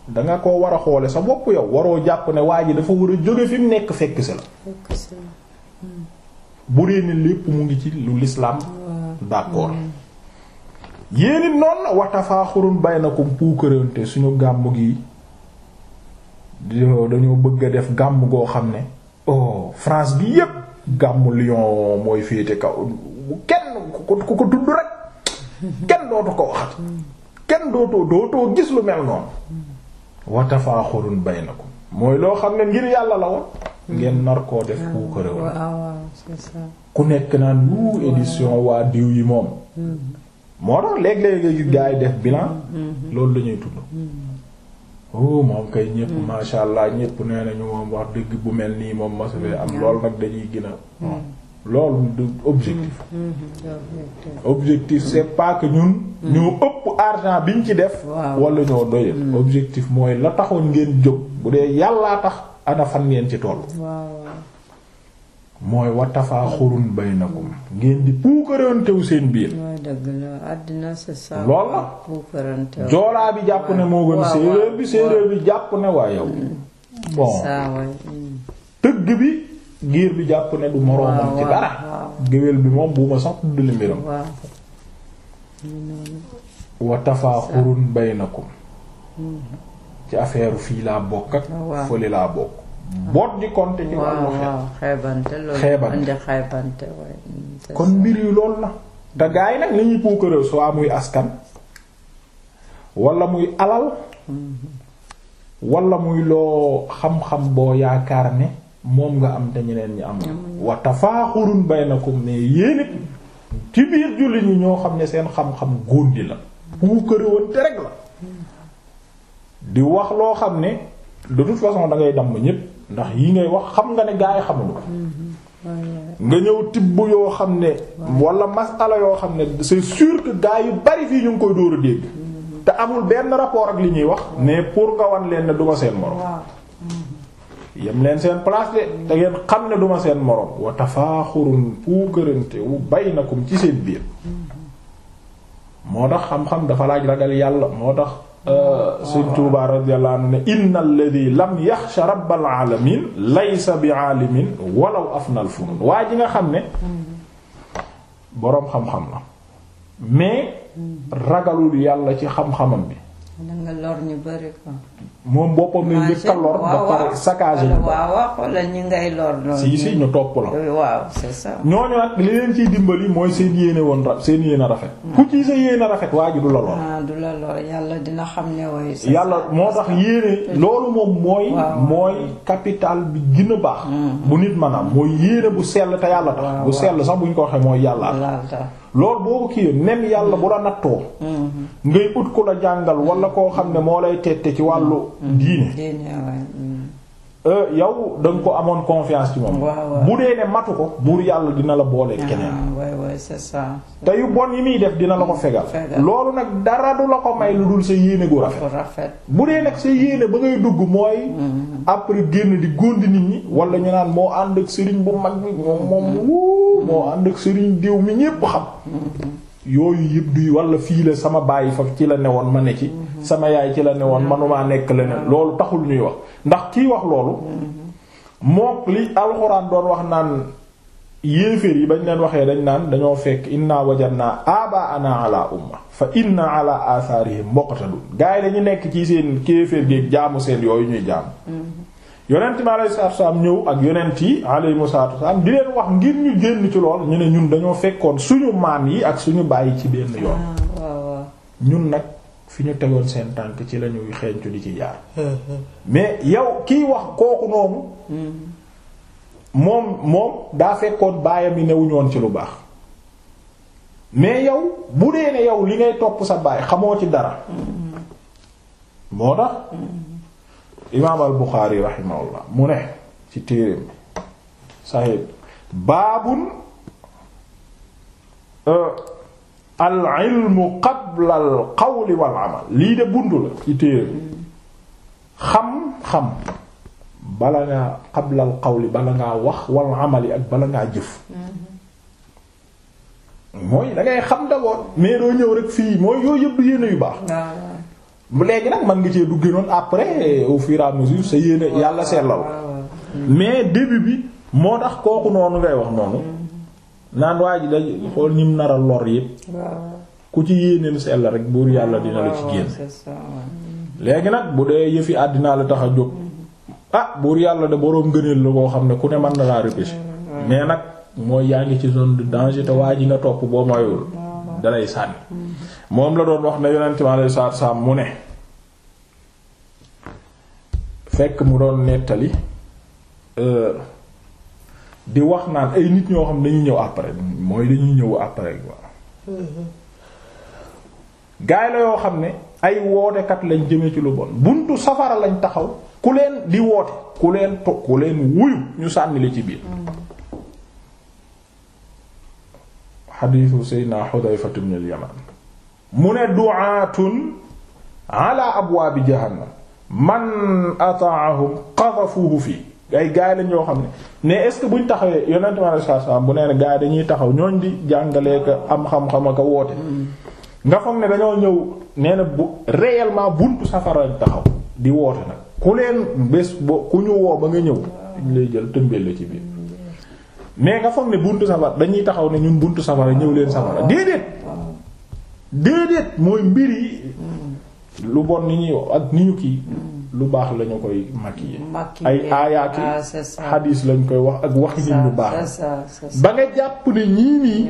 danga ko war a xoole sa bopp yow waroo jàpp ne waa ji dafa war a jóge fi mu nekk fekk si la hmm. bu dee ne lépp mu ngi ci lu l'islam d'accord mm. yéen it noonu wa tafaaxurun baynakum puukarante suñu gàmm gi dañoo bëgg a def gàmm goo xam ne oh France gi yépp gàmmu Lyon mooy féete kaw kenn ku ko tudd rek kenn dootu ko waxat kenn dootoo dootoo gis lu mel noonu mm. wa tafaaxurun baynakum mooy loo xam ne ngir yàlla la woon ngeen nar koo def puukarew ah, ku nekk naan wuu édition waa diw yi moom mm-hmm. moo tax léeg-léeg léegi gaa yi def bilan mm-hmm. loolu la ñuy tudd mm-hmm. oh moom kay ñépp masha allah ñëpp nee nañu moom wax dëgg bu mel nii moom masafee am lool nag dañuy gën a loolu du objectif objectif c'est ñun ñu ëpp argent bi ñu ci def wala ñoo doyal objectif mooy la taxoon ngeen jóg bu dee yàlla tax ana fan ngeen ci toll. mooy wa tafaaxurun baynakum ngeen di puukarantew seen biir. lool la joolaa bi jàpp ne moo gën séeréer bi séeréer bi jàpp ne waa yow. Mm. Mm. tëgg bi giir bi jàpp ne du moroomam ci dara. géwél bi moom bu ma sax tudd li mbiram. wa tafaaxurun baynakum mm-hmm. ci affaire fii laa bokk ak. Ah, fële laa bokk. boot di compter ci wàllu xeebante xeebante kon mbir yu lool la. te gaa yi nag li ñuy puukaree soit muy askan wala muy alal mhm. wala muy loo xam-xam boo yaakaar ne moom nga am te ñeneen ñi amul. wa tafaaxurun baynakum ne yéen it ci biir jullit ñoo xam ne seen xam-xam góondi la. puukarewante rek la. di wax loo xam ne de toute façon da ngay damm ñépp ndax yi ngay wax xam nga ne gaa yi xamuñu ko mm-hmm. nga ñëw tibb yoo xam ne wala masala yoo xam ne c'est sûr que gaa yu bari fii ñu ngi koy dóor a dégg mm-hmm. te amul benn rapport ak li ñuy wax mais pour nga wan leen ne du ma seen morom mm-hmm. yem leen seen place de te ngeen xam ne duma seen morom wa tafaaxurun puukarante wu baynakum ci seen biir moo tax xam-xam dafa laaj ragal yàlla moo tax Euh, Sëriñ Tuubaa radiyallahu anhu ne inna alladhi lam yaxsha rabbal alamin laysa bi aalimin walaw afnal funun waa ji nga xam ne boroom xam-xam la mais ragalul yàlla ci xam-xamam bi moom boppam lañ njëkk a lor ba pare saccagé ñu ba si si ñu topp la waaw c'est ça ñooñu nag li leen ciy dimbali mooy seen yéene woon rab seen yéene rafet ku ci sa yéene rafet waa ji du la lor ah, yàlla dina xam ne way yàlla moo tax yéene loolu moom mooy mooy capital bi gën a baax hmm. bu nit maanaam mooy yéene bu sell te yàlla tax bu sell sax bu ñu ko waxee mooy yàlla loolu boo ko kii nem yàlla bu la nattoo hmm. ngay ut ku la jàngal wala koo xam ne moo lay tette ci wàllu Mm-hmm. diine mm. euh, yow da ko amoon confiance ci moom bu dee ne matu ko buur yàlla dina la boole ah, keneen te yu bon yi muy def dina la ko fegal loolu nag dara du la ko may lu dul sa yéene gu rafet bu dee nag sa yéene ba ngay dugg mooy mm-hmm. après génn di góndi nit ñi wala ñu naan moo ànd ak sëriñ bu mag bi moom moom wuu moo ànd ak sëriñ diw mi ñépp xam mm-hmm. yooyu yëpp duy walla fii la sama baay fa ci la ne woon ma ne ci mhm. sama yaay ci la ne newoon mhm. manumaa nekk la loolu taxul ñuy wax ndax kiy wax loolu mhm. mook li alxuraan doon wax naan yéeféer yi bañ leen waxee dañ naan dañoo fekk inna wajadna aba ana ala umma fa inna ala atharihim muqtadun gaa yi dañu nekk ci seen kéeféer géeg jaamu seen yooyu ñuy jaamu yonent mi alayhi salaatu salaam ñëw ak yonent yi alayhi salaatu salaam di leen wax ngir ñu génn ci lool ñu ne ñun dañoo fekkoon suñu maam yi ak suñu bàyyi ci benn ah, yoon ñun nag fi ñu tegoon seen tànk ci lañuy xeeñcu di ci jaar (laughs) mais yow kiy wax kooku noonu hmm. moom moom daa fekkoon baayam yi newuñu ci lu baax mais yow bu dee ne yow li ngay topp sa baay xamoo ci dara hmm. moo tax hmm. imaam al Buxaari rahimahullah mu ne ci téereem bi saxiix baabun euh, al ilmu qabla al qawli wal amal lii de bundu la ci téereem bi xam-xam bala ngaa qabla al qawli bala ngaa wax wal amali ak bala ngaa jëf mm-hmm. mooy da xam d'abord mais doo ñëw rek fii mooy yooyu yëpp du yu baax léegi nag man ngi cee duggee noonu après au fur et à mesure sa yéene yàlla seetlal ah, ah, ah. Mm. mais début bi moo tax kooku noonu ngay wax noonu mm. naan waa ji day xool ñim naral lor yëpp ku ci yéeneem sell rek buur yàlla dina la ci génn léegi nag bu dee yëfi àddinaa la tax a jóg mm. ah buur yàlla de boroom gëneel la koo xam ne ku ne man na laa repêcher mais nag mooy yaa ngi ci zone de danger te waa ji nga topp boo moyul dalay sànni moom la doon wax ne yonent mi alayhi salaatu salaam mu ne fekk mu doon nettali euh, di wax naan ay nit ñoo xam ne dañuy ñëw après mooy dañuy ñëw après quoi. gaay la yoo xam ne ay wootekat lañ jëme ci lu bon buntu safara lañ taxaw ku leen di woote ku leen to ku leen wuyu ñu sànni la ci biir. Mm. xadiisu naa Xudayfa ibn al-Yaman mu ne du'atun ala bi jahannam man ata'ahum qadhafuhu fii ay gaay lañ yoo xam ne mais est-ce que buñ taxawee yonent ma sallallahu alayhi wasallam bu nee gaay dañuy taxaw ñooñ di jàngalee am xam-xam ak woote nga foog ne dañoo ñëw nee na bu réellement buntu safara taxaw di woote nag ku leen bés bo ku ñu woo ba nga ñëw ñu lay jël tëmbeel ci biir mais nga foog ne buntu safara dañuy taxaw ne ñun buntu safara ñëw leen safara déedéet déedéet mooy mbir yi lu bon ni ñuy ak ni ñu kii lu baax lañu koy maquiller ay aayaati xadiis ah, lañ koy wax ak waxi nit ñu baax ba nga jàpp ne ñii nii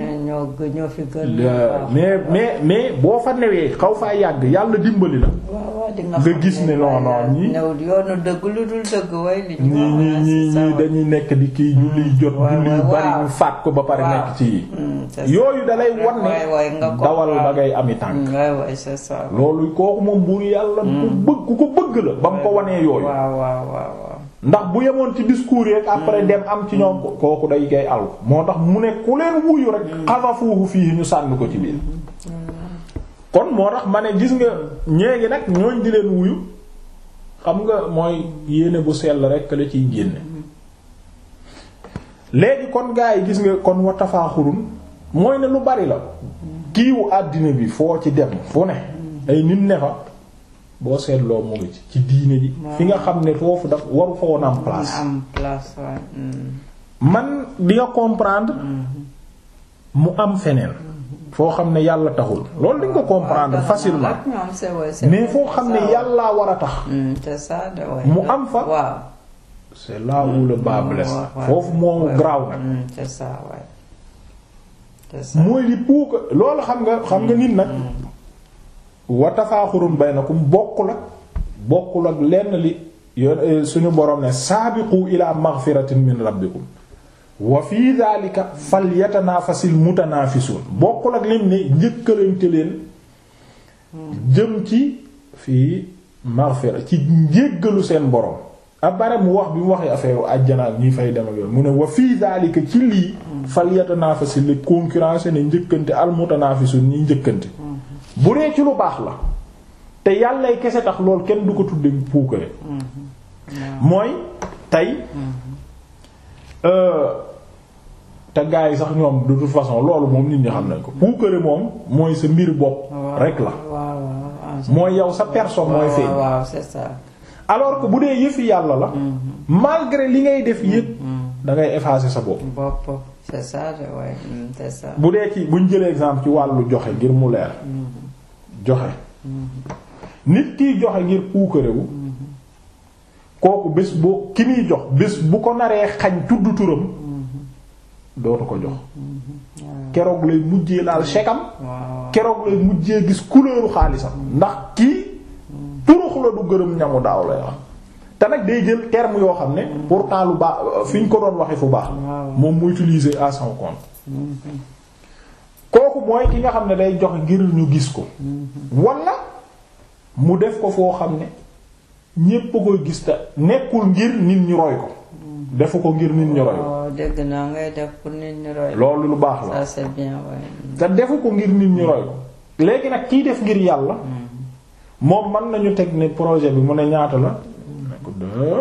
mais mais mais boo fa newee xaw faa yàgg yàlla dimbali la nga gis ni non non ñii ñii ñii dañuy nekk di kii mm. julliy jot julli bari ñu faat ko ba pare nekk ci yi mm, yooyu dalay wan ne dawal ba ngay ami tànk mm, loolu kooku moom buur yàlla ku bëgg ku ko bëgg la bam ko wanee yooyu bu yemoon ci discours yeeg après hmm. dem am ci ñoom hmm. kooku day gay àll moo tax mu ne ku leen wuyu rek hmm. fii ñu sànni ko ci biir kon moo tax ma ne gis nga ñeegi nag ñooñ di leen wuyu xam nga mooy yéene bu sell rek la ciy génne léegi kon gaa yi gis nga kon wa tafaaxurun mooy ne lu bari la kiiwu àddina bi foo ci dem fu ne ay nit ne fa boo seetloo mu ngi ci ci diine ji fi nga xam ne foofu daf waru fa woon am place am place mm. man di nga comprendre mm-hmm. mu am feneen mm-hmm. foo xam ne yàlla taxul loolu dañ ko comprendre facilement mais foo xam ne yàllaa war a tax mm, mu am fa c'est mm, foofu moo graw nag mooy li puuka loolu xam nga xam nga nit nag wa tafaaxurun baynakum bokkul ak bokkul ak lenn li yoon eh, suñu borom ne saabiqu ila maghfiratin min rabbikum wa fi dhalika falyatanaafasil mutanaafisuun bokkul ak lim ne njëkkalante leen jëm ci fii maghfira ci njéggalu seen borom ab bare mu wax bi mu waxee affaire àjjana ñi fay dem ak yoon mu ne wa fi dhalika ci lii mm. falyatanaafasil li concurrence ne njëkkante al mutanaafisun ñi njëkkante bu dee ci lu baax la te yàllay kese tax loolu kenn du ko tudd puukare mm-hmm. mooy tey mm-hmm. euh, te gaa yi sax ñoom de toute façon loolu moom nit ñi xam nañ ko mm-hmm. puukare moom mooy sa mbir bopp rek la mooy yow sa personne mooy feeñ c'est ça alors bu dee yëfi yàlla la malgré li ngay def yëpp da ngay effacer sa bopp mm, c'est ça bu dee ci buñ jëlee exemple ci wàllu joxe ngir mu leer joxe nit kiy joxe ngir puukarewu kooku bés boo ki muy jox bés bu ko naree xañ tudd turam dootu ko jox keroog lay mujjee laal chekam keroog lay mujjee gis couleuru xaalisam ndax kii turux la du gërëm ñamu daaw lay wax te nag day jël terme yoo xam ne pourtant lu baax fi ñu ko doon waxe fu baax moom mu utiliser à compte mm-hmm. kooku mooy ki nga xam ne day joxe ngir ñu gis ko wala mu def ko foo xam ne ñépp koy gis te nekkul ngir nit ñu roy ko defu ko ngir nit ñu roy ko naa oh, ngay def pour loolu lu baax la bien te defu ko ngir nit ñu roy ko mm. léegi nag kiy def ngir yàlla mm. moom mën nañu teg ne projet bi mu ne ñaata la mm.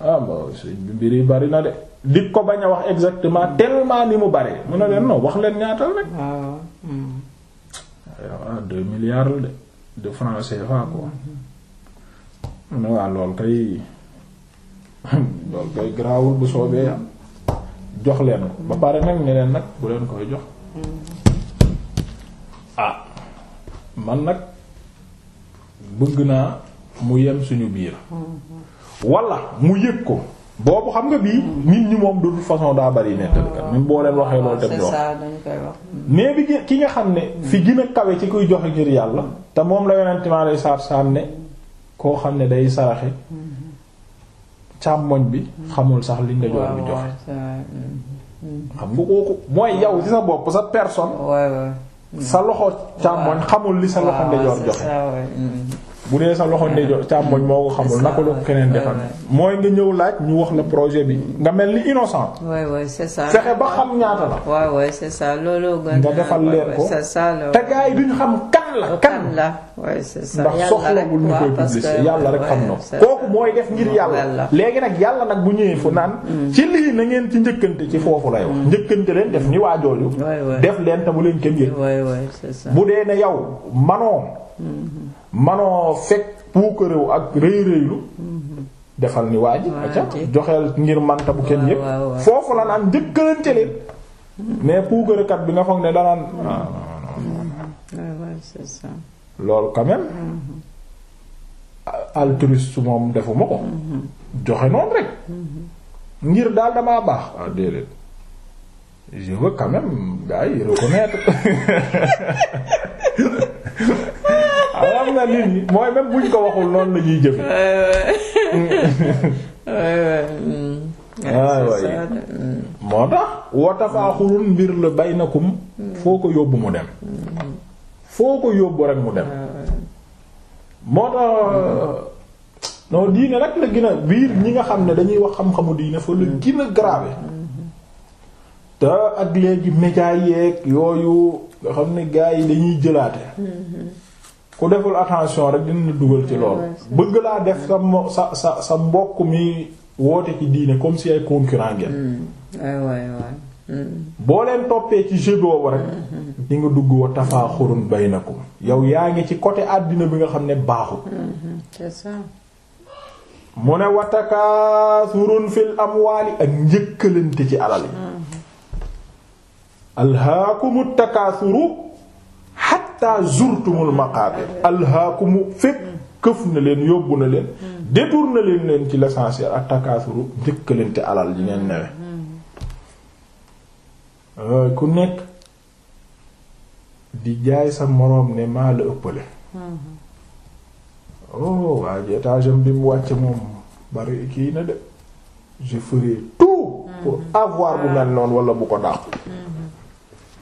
ah mbaa sëñ bi mbir bari na de di ko bañ a wax exactement tellement ni mu bare mu ne leen non wax leen ñaatal rek. Ah, hmm. deux milliards de de francs CFA quoi. mu ne waa lool kay lool kay garaawul bu soobee jox leen ko ba pare nag ne leen nag bu leen koy jox. Hmm. ah man nag bëgg naa mu yem suñu biir. Hmm, walla mu yëg ko. boobu xam nga bii nit ñi moom du toute façon daa bari nettalikat même boo leen waxee loolu dem wax mais bi ki nga xam ne fi gën a kawe ci kuy joxe ngir yàlla te moom la yonent mi alayhi salaatu salaam koo xam ne day saraxe càmmoñ bi xamul sax liñ la jox bi joxe mm-hmm. xam nga kooku mooy yow ci sa bopp sa personne sa loxo càmmoñ xamul li sa loxo ndejoor joxe mm-hmm. bu dee sa loxo ndejo càmmoñ moo ko xamul naka lu ko keneen defal mooy nga ñëw laaj ñu wax la projet bi nga mel ni innocent. waay waay c'est ba xam ñaata la. waay waay c'est ça looloo gën nga defal leen ko. c'est ça te gars yi duñ xam. kan la kan la waaye c'est ça ndax yàlla rek xam na kooku mooy def ngir mm, yàlla léegi nag yàlla nag bu ñëwee fu naan mm. ci lii na ngeen ci njëkkante ci foofu lay wax mm. njëkkante leen def ni waa jooju def leen te bu leen kenn yëg bu dee ne yow manoo mm-hmm. manoo fekk puukarewu ak rëy rëylu mm-hmm. defal ni waa ji acca joxeel ngir manta bu kenn yëg foofu la naan njëkkalante leen mm-hmm. mais puukarekat bi nga foog ne danaan ah, c'est ça. loolu quand même. Mm-hmm. altruiste moom defuma ko. Mm-hmm. joxe noonu rek. Mm-hmm. ngir daal damaa baax ah déedéet. je veux quand même gars nit ñi (laughs) mooy même buñ ko waxul noonu la ñuy mm. ah, mm. moo tax. wa mbir la baynakum mm. foo ko yóbbu mu dem. foo ko yóbbu rek mu dem ah, ah. moo tax euh, non diine rek la gën biir ñi nga xam ne dañuy wax xam-xamu diine fa la gën a te ak léegi média yeeg yooyu nga xam ne gars yi dañuy jëlaate ku deful attention rek dina dugal ci loolu bëgg laa def sa sa sa sa mbokk mi woote ci diine comme si ay concurrent ngeen hmm. boo leen toppee ci jeu boobu rek di nga dugg wa tafaaxurun baynakum yow yaa ngi ci côté àddina bi nga xam ne baaxul mu ne wa takaasurun fil amwaali ak njëkkalante ci alal yi alhaakumu takaasuru hatta zurtumul maqaabir alhaakumu fekk këf na leen yóbbu na leen détourné leen leen ci l'essentiel ak takaasuru njëkkalante alal yi ngeen newe Euh, ku nekk di jaay sa moroom ne maa la ëppale mm-hmm. oh waa ji étage bi mu wàcc moom bari kii na de tout pour mm-hmm. avoir bu mel noonu wala bu ko dàq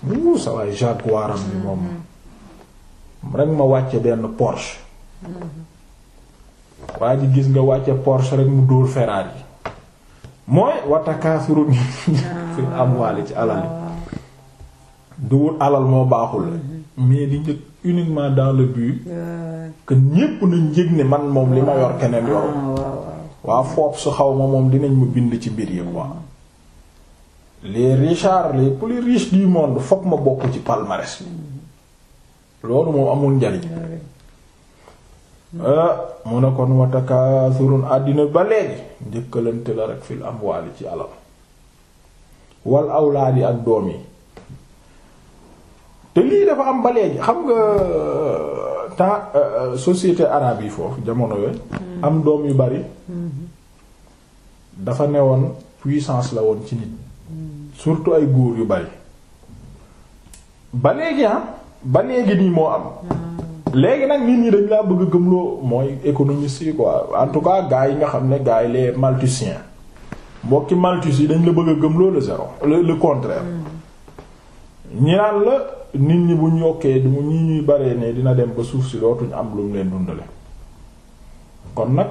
mu mm-hmm. sa waay Jaguar bi moom rek ma wàcce benn Porsche waa ji gis nga wàcce Porsche rek mu dóor Ferrari mooy watakaasuru ni ah. (laughs) fi am waale ci alal duwul alal moo baaxul mais di njëkk uniquement dans le but que ñépp nañ yëg ne man moom li ma yor keneen yoru ah, waa foop su xaw ma moom dinañ mu bind ci biir yi quoi les richards les plus riches du fokk ma bokk ci palmarès bi loolu moom amul njariñ ah, euh, mu ne kon watakaasurun àddina ba léegi njëkkalante la rek fil amwaali ci alal wal awlaadi ak doom yi lii dafa am ba léegi xam nga temps euh, euh, société arabe yi foofu jamono yooyu mm-hmm. am doom yu bari mm-hmm. dafa newoon puissance la woon ci nit mm-hmm. surtout ay góor yu bari ba léegi ah ba léegi nii moo am léegi nag nit ñi dañ laa bëgg gëmloo mooy économiste yi quoi en tout cas gars yi nga xam ne gars yi les malthusiens mbokki malthus yi dañ la bëgg a gëmloo le zéro le contraire ñi la nit ñi buñ yokkee du ñu ñuy baree ne dina dem ba suuf si dootuñ am lu mu leen dundale kon nag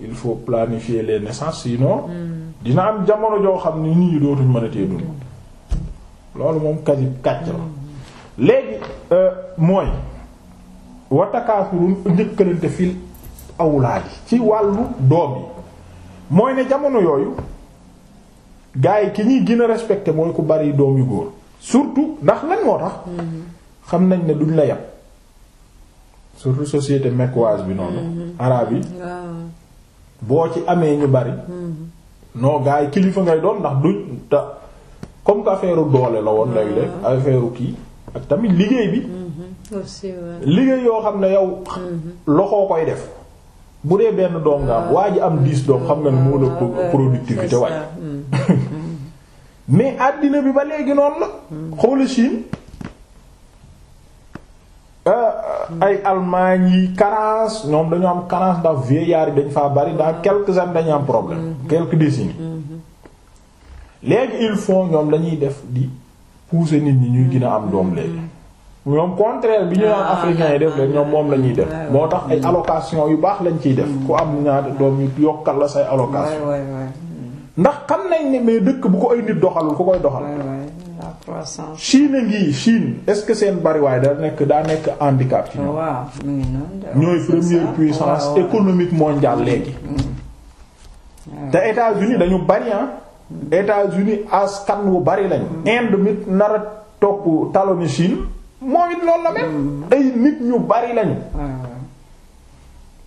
il faut planifier les naissances sinon hmm. dina am jamono joo xam ni nit ñi dootuñ mën a tee loolu moom kasi kàcc la hmm. léegi euh, mooy watakaasurun njëkkalante fil awlaad yi ci wàllu doom yi mooy ne jamono yooyu gars yi ki ñuy gën a respecté mooy ku bari doom yu góor surtout ndax lan moo tax. xam nañ ne duñ la yab surtout société mecquoise bi noonu. Mm-hmm. arabe yi. boo ci amee ñu bari. Mm-hmm. non gars yi kilifa ngay doon ndax duñ ta comme que affaire doole la woon. léeg-léeg affaire kii ak tamit liggéey bi. Mm-hmm. liggéey yoo xam ne yow. loxoo koy def. bu dee benn doom nga am waa ji am dix doom xam nga moo la productivité waay. (laughs) mais àddina bi ba léegi noonu la xoola Chine euh, euh, ay Allemagne yi carence ñoom dañu am carence ndax vieillards yi dañ faa bari dans quelques années dañu am problème mm-hmm. quelques décennies mm-hmm. léegi il faut ñoom dañuy def di pousser nit ñi ñu gën a am doom mm-hmm. léegi ñoom contraire bi ñu am ah, africains yi def leen ñoom moom la ñuy def ah, moo tax ay allocation yu baax lañ ciy def ku am ñaar doom yu yokkal la say allocation ndax xam nañ ne mais dëkk bu ko ay nit doxalul ko koy doxal. la croissance. Chine ngi Chine est-ce que seen bariwaay da nekk daa nekk handicap. ci ñoom ñooy première puissance économique mondiale léegi. Mm, mm. te États-Unis dañu bari ah. Mm. États-Unis askan wu bari lañu. Inde mit nar a topp taloni Chine. moom it loolu la mel. ay nit ñu bari lañu.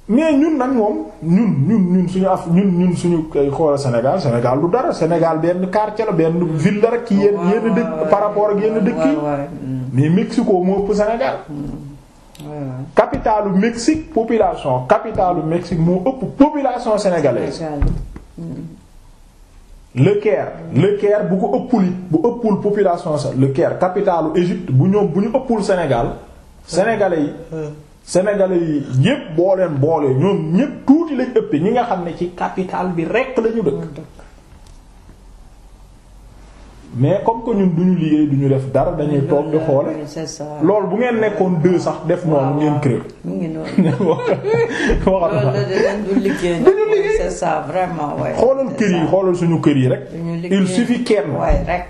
mais ñun nag moom ñun ñun ñun suñu af ñun ñun suñu kay xoola Sénégal Sénégal lu dara Sénégal benn quartier la benn ville la ki ci yenn dëkk par rapport ak yenn dëkk yi mm. mais Mexico moo ëpp Sénégal mm. capitalu Mexique population capitalu Mexique moo ëpp population sénégalaise mm. Le Caire Le Caire bu ko ëppul bu ëppul population Le Caire capitalu Égypte bu ñoom bu ñu ëppul Sénégal sénégalais yi sénégalais yi ñépp booleen leen boole ñoom ñépp tuuti lañ ëppee ñi nga xam ne ci capital bi rekk lañu dëkk mais comme que ñun duñu liggéey ñu def dara dañuy toog di xoole loolu bu ngeen nekkoon deux sax def noonu ngeen créé. mu ngi noonu (laughs) waxal (laughs) na ça vraiment waay xoolal kër yi xoolal suñu kër yi rek. il fi kenn.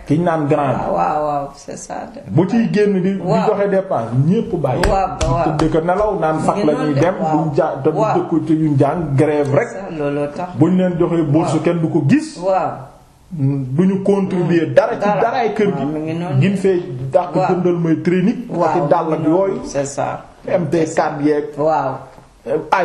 ki ñu naan grand. waaw waaw ça. bu ciy génn di. waaw di joxe dépense ñépp bàyyi. waaw dëkk nelaw naan fak la ñuy dem. waaw ja te du dëkk te ñu jàng grève rek. looloo tax buñ leen joxee bourse kenn du ko gis. waaw. du ñu contribuer dara ci daraay kër gi gin fee dàq jëndal mooy trinique ak dàll ak yooyu c'est ça MT4 yeeg waaw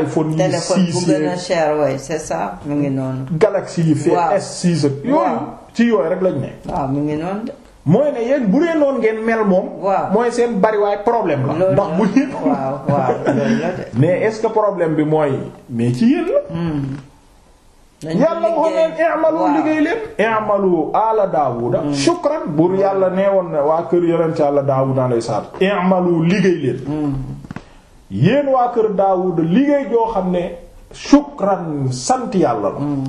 iPhone yi six bu gën c'est ça mu ngi noonu Galaxy yi fee S6 yooyu ci yooyu rek lañ ne waaw mu ngi noonu de mooy ne yéen bu dee ngeen mel moom. mooy seen bariwaay problème la. ndax bu ñëpp waaw waaw (laughs) mais est-ce que problème bi mooy mais ci yéen la. Hmm. yàlla waxoon leen i'malu liggéey leen i'malu ala daawuda hmm. shukran buur yàlla nee woon na waa kër yonent yàlla daawuda alayhi salaam i'malu liggéey leen hmm. yéen waa kër daawuda liggéey joo xam ne shukran sant yàlla la hmm.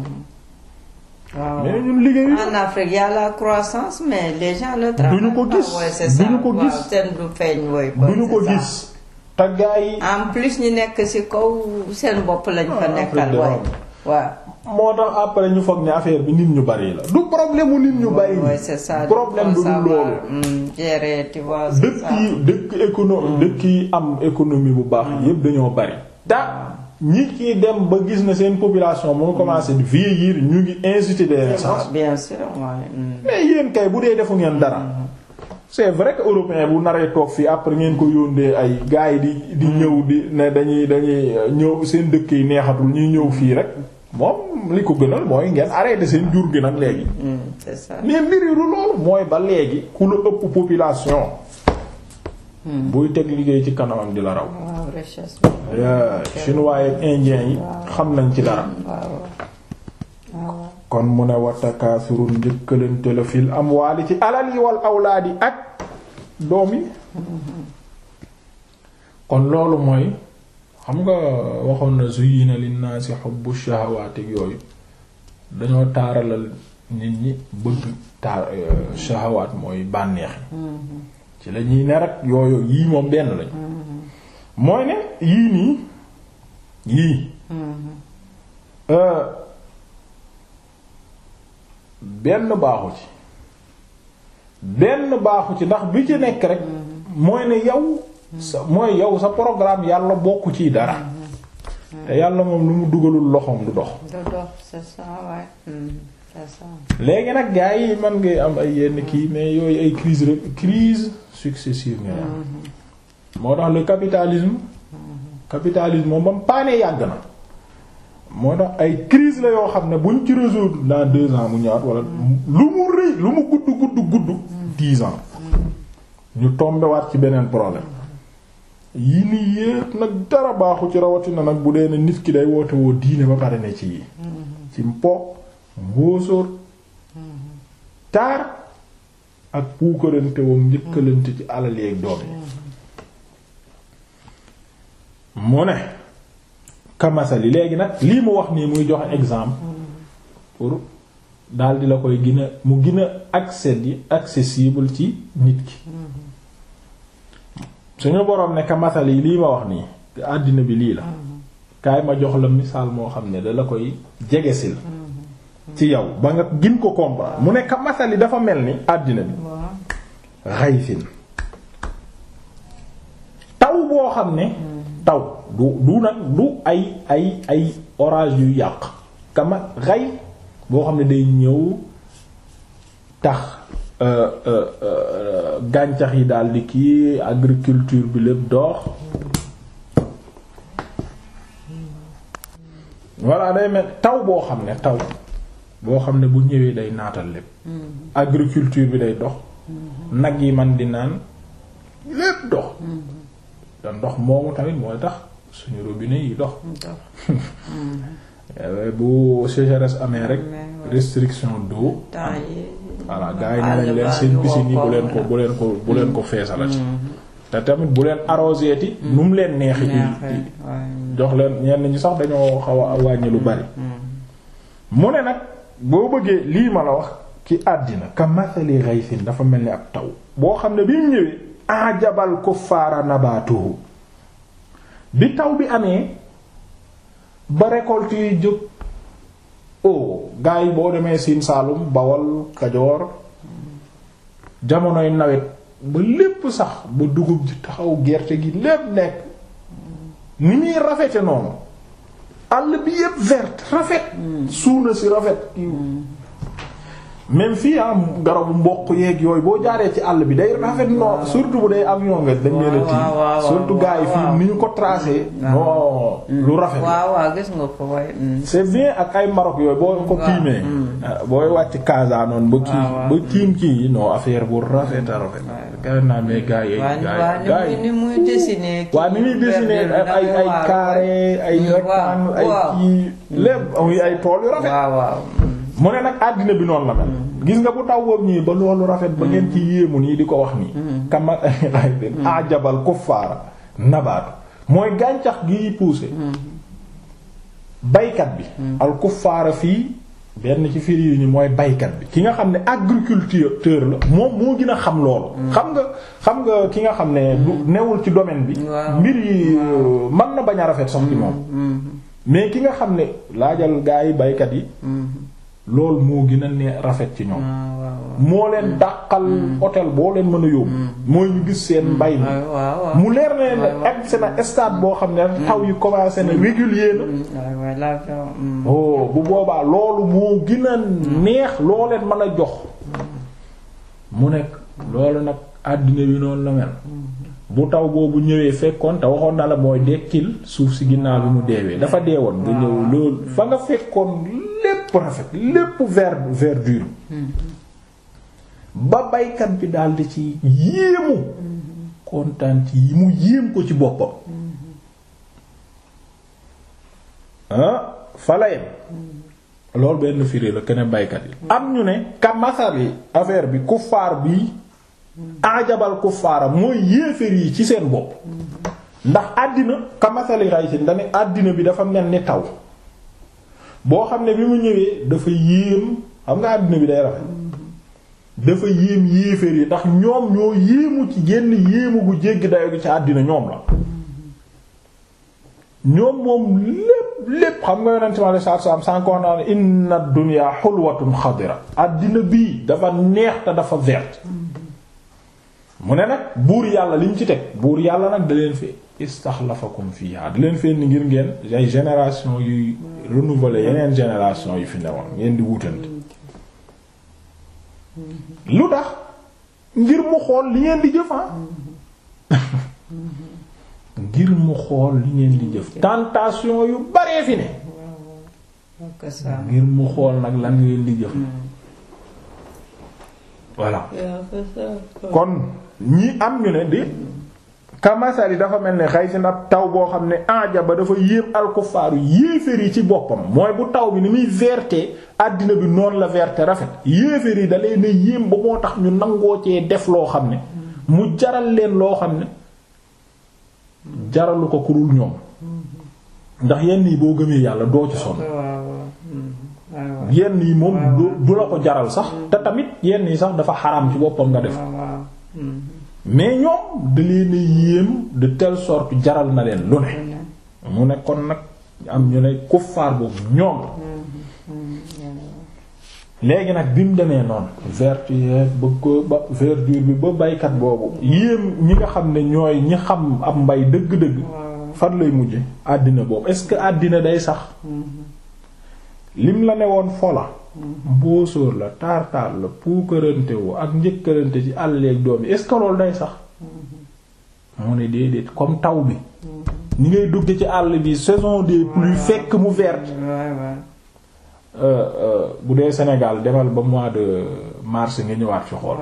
waaw mais la croissance mais les gens ko gis ah duñu du feeñ ko gis te yi en plus ñu nekk ci kaw seen bopp lañ fa ah, nekkal waaye waaw moo tax après ñu foog ne affaire bi nit ñu bari la du problème mu nit ñu bari problème du loolu mm, dëkk yi dëkk économie mm. dëkk yi am économie bu baax mm. yépp dañoo bari da ñi ki dem ba gis na seen population moom commencé di vieillir ñu ngi inciter des naissances bien sûr yéen kay bu dee defu ngeen dara mm-hmm. c'est vrai que européen bu naree toog fii après ngeen ko yóndee ay gars di ñëw di ne dañuy dañuy ñëw seen dëkk yi neexatul ñu ñëw fii rek moom li ko gënal mooy ngeen arrêté seen jur gi nag léegi. Mm, c'est mbiri lu loolu mooy ba léegi ku la ëpp population. Mm. buy teg liggéey ci kanamam di la raw. waaw richesse chinois indien yi xam nañ ci dara. kon mu ne wa takaasurun njëkkalante la fil amwaali ci alal yi wal awlaadi ak doom yi. Mm-hmm. kon loolu mooy. xam nga waxoon na zuyyina linnaasi hubbu shahawaati yooyu dañoo taaralal nit ñi bëgg taar euh, shahawaat mooy bànneex mm-hmm. ci la ne rek yooyu yii moom benn lañu mm-hmm. mooy ne yii nii yii mm-hmm. euh, benn baaxu ci benn baaxu ci ndax bi ci nekk rek mooy ne yow sa mooy yow sa programme yàlla bokku ci dara. te yàlla moom lu mu dugalul loxoom du dox. du dox mm-hmm. léegi nag gars yi man ngay am ay yenn kii mais yooyu ay crise crise successive nga am. Mm-hmm. moo tax le capitalisme. capitalisme moom ba mu paanee yàgg na. moo tax ay crise la yoo xam ne buñ ci résoudre dans deux ans mu ñëwaat wala mm-hmm. lu mu rëy lu mu gudd gudd gudd. dix ans ñu tombé waat ci beneen problème. yi nii yépp nag dara baaxu ci rawatina nag bu dee ne nit ki day woote diine ba pare ne ci yi ci mpo mbóosóor taar ak puukarante woom njëkkalante ci alal yeeg doom yi mu ne kamasali léegi nag lii mu wax nii muy jox exemple pour daldi di la koy gën mu gën a accès accessible ci nit ki suñu boroom ne ka masal yi lii ma wax nii àddina bi lii la kaay ma jox la misaal moo xam ne dala koy jegesil ci yow ba nga gin ko comprendre mu ne ka yi dafa mel ni àddina bi xaysin taw boo xam ne taw du du nag du ay ay ay orage yu yàq kama xay boo xam ne day ñëw tax Euh, euh, euh, gàncax yi daal di kii agriculture bi lépp dox voilà day mel taw boo xam ne taw boo xam ne bu ñëwee day naatal lépp mm-hmm. agriculture bi day dox mm-hmm. nag yi man di naan lépp dox da mm-hmm. ndox moomu tamit mooy tax suñu robinet yi dox (laughs) eh bu sécheresse amee rek restriction d'eau voilà gaa yi nee nañ leen seen piscine yi bu leen ko bu leen ko bu leen ko feesalati mm-hmm. te tamit bu leen arrosé ti mm-hmm. nu mu leen neexi jox leen ñenn ñi sax dañoo xaw a wàññi lu bari mm-hmm. mu ne nag boo bëggee lii ma la wax ki àddina ka mathali ghaythin dafa mel ni ab taw boo xam ne bi mu ñëwee ajabal kuffaara nabaatuhu bi taw bi amee ba récolte yi jóg oh gars yi boo demee Siin Saalum Bawol Kajoor jamonoy nawet ba lépp sax ba dugub ji taxaw gerte gi lépp nekk ni muy rafete noonu àll bi yépp vert rafet mm. suuna si rafet mm. même fii ah garabu mboq yeeg yooyu boo jaaree ci àll bi day rafet non surtout bu day avion nga dañ leen a tiim surtout gars yi fii ni ñu ko tracé ah. non mm. lu rafet waaw waaw gis nga mm. ak ay Maroc yooyu boo ko tiimee mm. ah, booy wàcc Casa noonu ba kii ah, ba tiim kii non affaire bu rafet a rafet gare naa mais gars yi gars yi tool yu rafet mu ne nag àddina bi noonu la mel. Mm-hmm. gis nga bu taw boobu ñii ba loolu rafet. ba ngeen mm-hmm. ci yéemu nii di ko wax nii. Mm-hmm. kama (laughs) ajabal kuffaara nabaatu mooy gàncax gi poussé. bi. al fii benn ci firi nii mooy baykat bi. ki nga xam ne agriculture agriculteur la. moom moo gën a xam loolu. xam nga xam nga ki nga xam ne. newul ci domaine bi. mbir yi man na bañ a rafet sax moom. mais ki nga xam ne laajal gaa yi baykat yi. loolu moo gën a ne rafet ci ñoom ah, moo leen mm. dàqal mm. hôtel boo leen mën a yóbbu mm. mooy ñu gis seen mbay mi ah, mu leer ne ak ah, seen stade boo xam ne taw yi commencé na régulier na oh bu boobaa loolu moo gën a neex loo leen mën a jox mu nekk loolu nag àddina bi noonu la mel bu taw boobu ñëwee fekkoon te waxoon na la mooy dekkil suuf si ginnaaw bi mu deewee dafa woon nga ñëw loolu fa nga fekkoon lépp rafet lépp vert verdure ba baykat bi di ci yéemu kontaan ci yi mu yéem ko ci boppam ah falayem loolu benn firi la keneen baykat yi am ñu ne kamasal yi affaire bi kuffaar bi ajabal kuffaara mooy yéeféer yi ci seen bopp ndax àddina kamasali raysin dane àddina bi dafa mel ni taw boo xam ne bi mu ñëwee dafa yéem xam nga àddina bi day rafet dafa yéem yéeféer yi ndax ñoom ñoo yéemu ci génn yéemu gu jéggi dayo ci àddina ñoom la ñoom moom lépp lépp xam nga yonente mi alei satu salaam sànkox naa ne inna dunya xulwatun xadira àddina bii dafa neex te dafa verte mu ne nag buur yàlla li mu ci teg buur yàlla nag da leen fi istaxlafakum fii da leen fee ni ngir ngeen ay génération yuy renouveler yeneen génération yu fi newoon ngeen di wutante lu tax ngir mu xool li ngeen di jëf ah? ngir mu xool li ngeen di jëf tentation yu baree fi ngir mu xool nag lan ngeen hmm. kon ñi am ñu ne di kamasali dafa mel ni xaysin ab taw boo xam ne ajaba dafa yéem alkufaaru yéeféer yi ci boppam mooy bu taw bi ni muy verte àddina bi noonu la verte rafet yéeféer yi da leen yéem ba moo tax ñu nangoo cee def loo xam ne mu jaral leen loo xam ne jaralu ko kurul ñoom ndax yenn yi boo gëmee yàlla doo ci sonn yenn yi moom du la ko jaral sax te tamit yenn yi sax dafa xaram ci boppam nga def mais ñoom da leen yéem de telle sort jaral na leen lu ne mu nekkoon kon nag am ñu ne kuffaar boobu ñoom léegi nag bi mu demee noonu vertu ba ko ba verdure bi ba baykat boobu yéem ñi nga xam ne ñooy ñi xam ab mbay dëgg-dëgg fan lay mujje àddina boobu est-ce que àddina day sax mm-hmm. lim la ne woon fola mbóosóor la taar-taar la puukarante woo ak njëkkarante ci àlleeg yi est-ce que loolu day sax mu ne déedéet comme taw bi ñu ngay dugg ci àll bi saison des pluies fekk mu vert euh, euh, bu dee Sénégal demal ba mois de mars nga ñëwaat fi xool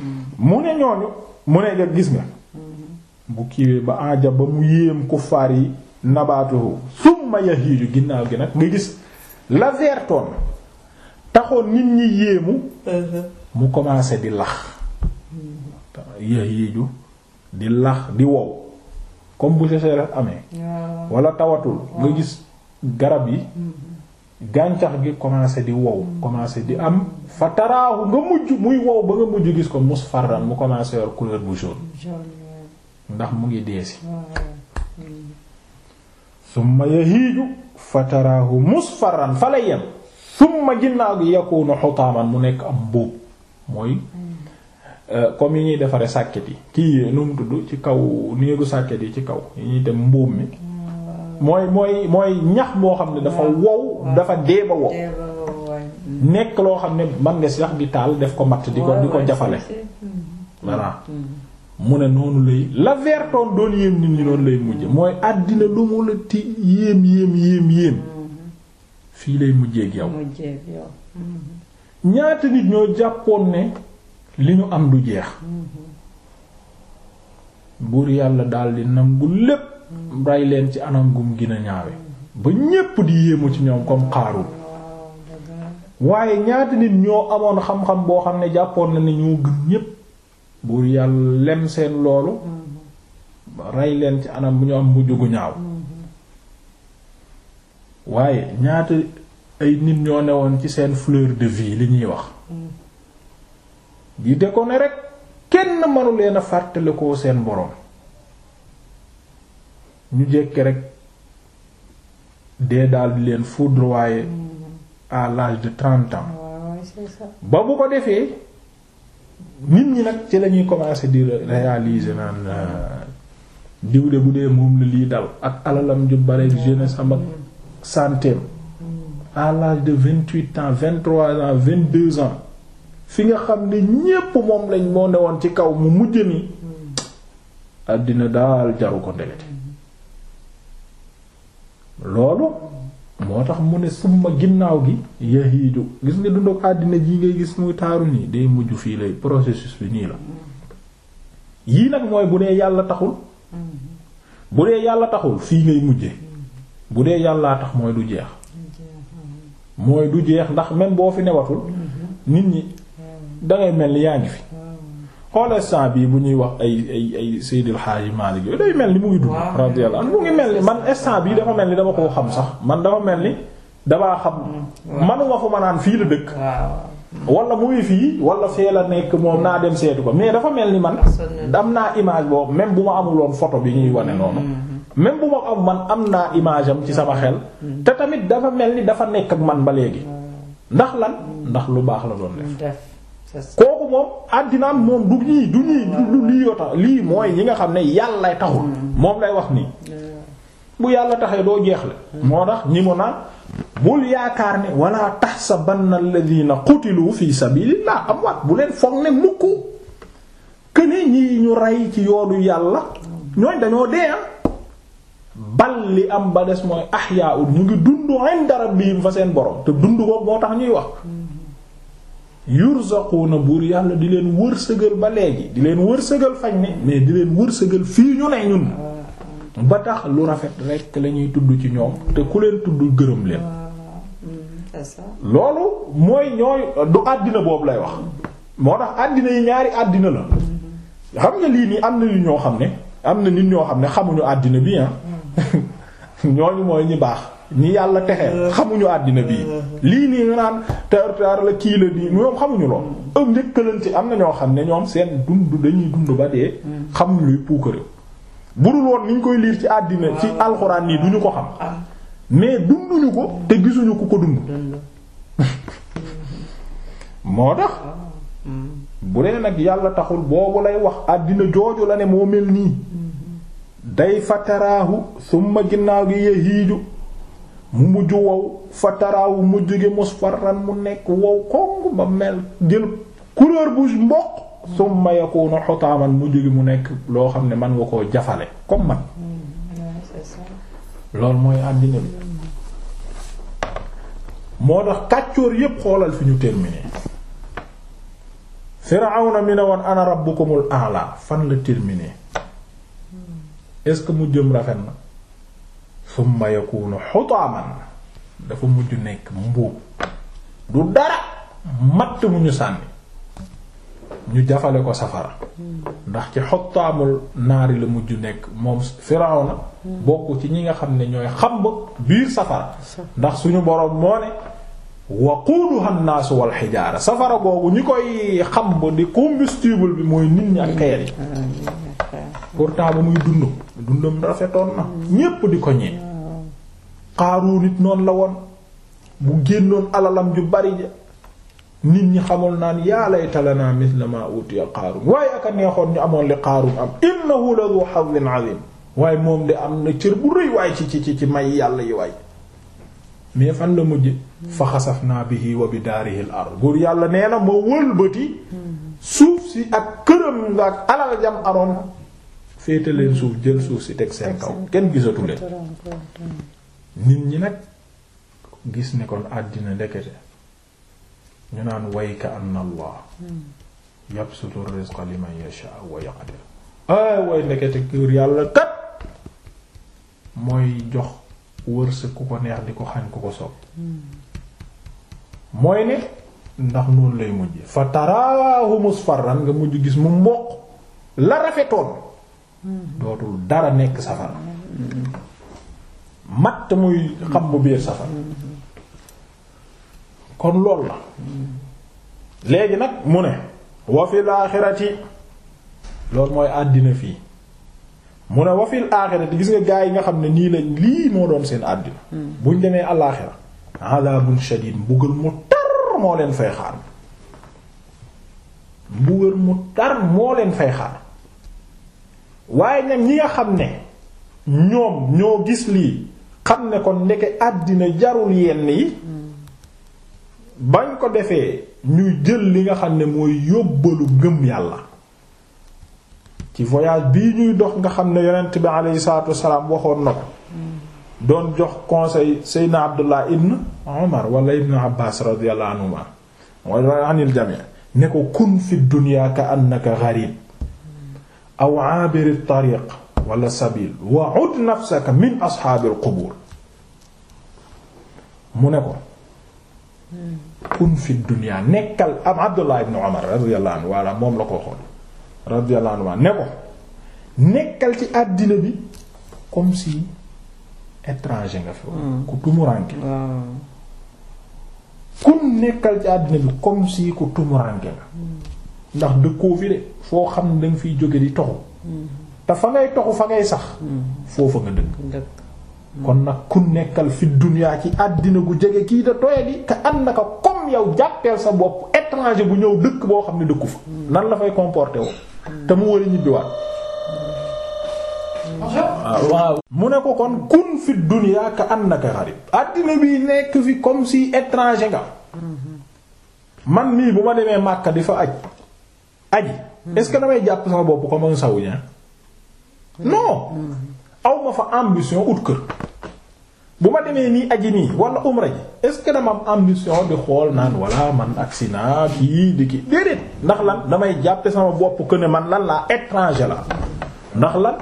mm. mu ne ñooñu mu ne nga gis nga mm-hmm. bu kiiwee ba aja ba mu yéem kuffaar yi nabaatuhu summa yahiiju ginnaaw gi nag nga gis la vertoon taxoon nit ñi yéemu uh-huh. mu commencé di lax yéeju di lax di wow comme bu sécheresse amee wala tawatul nga gis garab yi mm-hmm. gàncax gi commencé di wow commencé di am fa taraahu nga mujj muy wow ba nga mujj gis ko musfarran mu commencé yor couleur bu jaune ndax mu ngi deesi mm-hmm. summa yahiiju fa taraahu musfarran fa lay yem summa ginnaaw gi yakunu xutaaman mu nekk am buub mooy euh, comme yi ñuy defare sàkket yi kii nu mu tudd ci kaw néegu sàkket yi ci kaw yi ñuy dem mbuum mi mooy mooy mooy ñax moo xam ne dafa wow dafa dee ba wow nekk loo xam ne man nga si sax di taal def ko matt di ko di ko jafale voilà mm-hmm. mu ne noonu lay la vertoon doon yéem nit ñi noonu lay mujj mooy àddina lu mu la ti yéem yéem yéem yéem fii lay mujjeeg yow mm-hmm. ñaata nit ñoo jàppoon ne li ñu am du jeex mm-hmm. buur yàlla daldi nangu lépp mm-hmm. rey leen ci anam gu gën a ñaawe ba ñépp di yéemu ci ñoom comme xaarul waaye ñaata nit ñoo amoon xam-xam boo xam ne jàppoon na ne ñoo gën ñépp buur yàlla lem seen loolu rey leen ci anam bu ñu am mujj gu ñaaw waaye ñaata ay nit ñoo woon ci seen fleur de vie li ñuy wax di de ko ne rek kenn manu leen a fàttalikoo seen boroom ñu jékki rek dee daal di leen foudroyer à l'âge de trente ans ba bu ko defee nit ñi nag ci lañuy commencer di réaliser naan euh, diwle bu dee moom li lii dal ak alalam ju bare jeunesse am ak mm. santé à l'âge de vingt-huit ans vingt-trois ans vingt-deux ans fi nga xam ne ñépp moom lañ moo ne woon ci kaw mu mujj ni àddina daal jaru ko ndegete loolu moo tax mu ne summa ginnaaw gi yahiiju gis nga dund ak àddina ji ngay gis muy taaru nii day mujj fii lay processus bi nii la yii nag mooy bu dee yàlla taxul mm-hmm. bu dee yàlla taxul fii ngay mujje bu dee yàllaa tax mooy du jeex mooy du jeex ndax même boo fi newatul nit ñi dangay mel ni yaa ngi fi xoolal saa bii bu ñuy wax ay ay ay Seydil Hadji Malick yooyu day mel ni mu ngi dund radiyallahu anhu mu ngi mel ni man instant bii dafa mel ni dama koo xam sax man dafa mel ni damaa xam hmm. manuma fu ma naan fii la dëkk wala mu ngi fii wala fee la nekk moom naa dem seetu ko mais dafa mel ni man dam naa image boobu même bu ma amuloon photo bi ñuy wane noonu hmm. même bu ma am man am naa image am ci sama xel te tamit dafa mel ni dafa nekk ak man ba léegi ndax lan ndax lu baax la doon def kooku moom àddinaam moom du ñii du ñii du lii mooy ñi nga xam ne yàlla taxul moom lay wax nii bu yàlla taxee doo jeexle moo tax ñi mu naan bul yaakaar ne wala tahsabanna alladhina qutilu fi sabilillah amwaat bu leen foog ne mukk këne ñi ñu rey ci yoonu yàlla ñooñ dañoo dee ah. bal li am ba des mooy ahyaa ñu ngi dund dara rabbihim fa seen borom te dund ko moo tax ñuy wax wu na buur yàlla di leen wërsëgal ba léegi di leen wërsëgal fañ ni mais di leen wërsëgal fii ñu ne ñun ba tax lu rafet rekk lañuy ñuy tudd ci ñoom te ku leen tudd gërëm leen ah, hmm, loolu mooy ñooy du àddina boobu lay wax moo tax àddina yi ñaari àddina la hmm. xam nga lii nii am na nit ñoo xam ne am na nit ñoo xam ne xamuñu àddina bi ah hmm. ñooñu mooy ñi baax ñi yàlla texe euh. xamuñu àddina bii euh. lii nii nga naan teer teer la kii la nii ñoom xamuñu lool ëm njëkkalanti am na ñoo xam ne ñoom seen dund dañuy dund ba dee hmm. xamuñu luy puukare budul woon niñ koy liir ci àddina ci alxuraan nii duñu ko xam ah. mais dunduñu ko te gisuñu ku ko dund (laughs) hmm. moo tax ah. hmm. bu dee nag yàlla taxul boobu lay wax àddina jooju la ne moo mel nii day fa suma ginnaaw gi yahiiju mu mujj wow fa taraahu mujj gi musfarran mu nekk wow kong ba mel jël couleur bu mboq summa yakunu xotaaman mujj gi mu nekk loo xam ne man nga koo jafale comme man loolu mooy àddina bi moo tax kàccoor yépp xoolal fi ñu terminé firawna mi ne woon ana rabbukumul a'la fan la terminé est-ce que mujjam rafet na summa yakunu xutaaman dafa mujj nekk mbuub du dara matt mu ñu sànni ñu jafale ko safara ndax ci xottaamul naari la mujj nekk moom Firawna bokk ci ñi nga xam ne ñooy xamb biir safara ndax suñu boroom moo ne waquuduha an-naasu wal xijaara safara googu ñi koy xam ba di combustible bi mooy nit ñi ak xeer yi pourtant muy dund dundam rafetoon na ñépp di ko ñee Qaaruun it noonu la woon bu génnoon alalam ju bari nit ñi xamul naan yaa layta lanaa mithla maa utiya Qaaruun waaye aka neexoon ñu amoon li Qaaruun am innahu la dhu azim waaye moom de am na cër bu rëy waaye ci ci ci may yàlla yi waay mais fan la mujje fa xasaf naa bihi wa bi daarihil ard buur yàlla nee na ma wëlbati suuf si ak këram nga ak alal jam aroon féete leen suuf jël suuf si teg seen kaw kenn gisatu leen nit ñi nag gis ne kon àddina ndekete ñu naan wayka anna allah hmm. yabsutu rizqa liman yasha wa yaqdir way ndekete buur yàlla kat mooy jox wërsëg ku ko neex di ko xañ ku ko sopp hmm. mooy ne ndax noonu lay mujj fa taraahu musfarran nga mujj gis mu mboq la rafetoon hmm. dootul dara nekk safara matt muy xam bu biir safara kon loolu la léegi nag mu ne wa fil aaxirati loolu mooy àddina fii mu ne wa fil aaxirati gis nga gaa yi nga xam ne nii lañ lii moo doon seen àddina hmm. buñ demee alaaxira adabun shadid mbugal mu tar moo leen fay xaar mbugal mu tar moo leen fay xaar waaye nag ñi nga xam ne ñoom ñoo gis lii xam ne ko ndeke àddina jarul yenn yi bañ ko defee ñuy jël li nga xam ne mooy yóbbalu gëm yàlla ci voyage bii ñuy dox nga xam ne yonent bi aleyhi salaatu wasalaam waxoon na ko doon jox conseil seydna abdullah ibn umar wala ibn abbas radiyallahu anhuma wala anil jami ne ko kun fi dunya ka annaka gharib aw aabiri tariq wala sabil wa ud mu ne ko kun fi dunya nekkal am abdullah ibn umar radiyallahu anhu ne ko nekkal ci àddina bi comme si étranger nga fi woon hmm. ku tumuranke ku nekkal ci àddina bi comme si ku tumuranke nga hmm. ndax dëkkoo fi de foo xam ne danga fiy jóge di toxu hmm. te fa ngay toxu fa ngay sax foofu nga dëkk kon nag ku nekkal fi duniyaa ci àddina gu jege kii da doye di ka ànd naka comme yow jàppeel sa bopp étranger bu ñëw dëkk boo xam ne dëkku fa nan la fay comporter woo te mu war a ñibbiwaat waaw mu ne ko kon kun fi dunya ka annaka gharib àddina bi nekk fi comme si étranger nga man nii bu ma demee Makka di fa aj aji est-ce que damay jàpp sama bopp comme un saoudien non awma fa ambition ut kër bu ma demee nii aji wala umra ji est-ce que dama am ambition xool naan wala man agsi naa ndax lan damay jàppe sama bopp que ne man lan laa étranger la ndax lan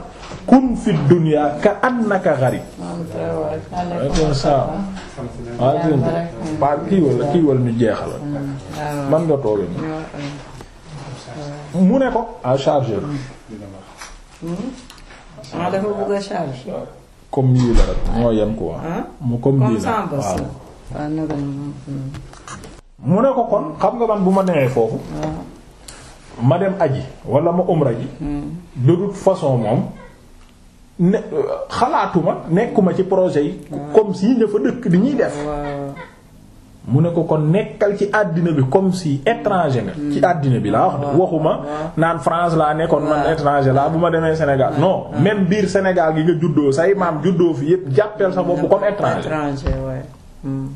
kun fi dunya ka annaka gharib waaleykum salaam waaw kii wala jeexal man nga toog mu ne ko à hmm? ah, comme yii la ah? ah, mu ne ko kon xam nga man bu ma newee foofu ma dem aji wala ma umra ji hmm. de toute façon moom ne xalaatuma nekkuma ci projet yi. Ah. comme si ña fa dëkk di ñuy def. mu ne ko kon nekkal ci àddina bi comme si étranger nga. ci hmm. àddina bi laa wax ah, waxuma ah. naan France laa nekkoon man étranger laa bu ma demee Sénégal no même biir Sénégal gi nga juddoo say maam juddoo fi yépp jàppeel sa bopp comme étranger. Hmm.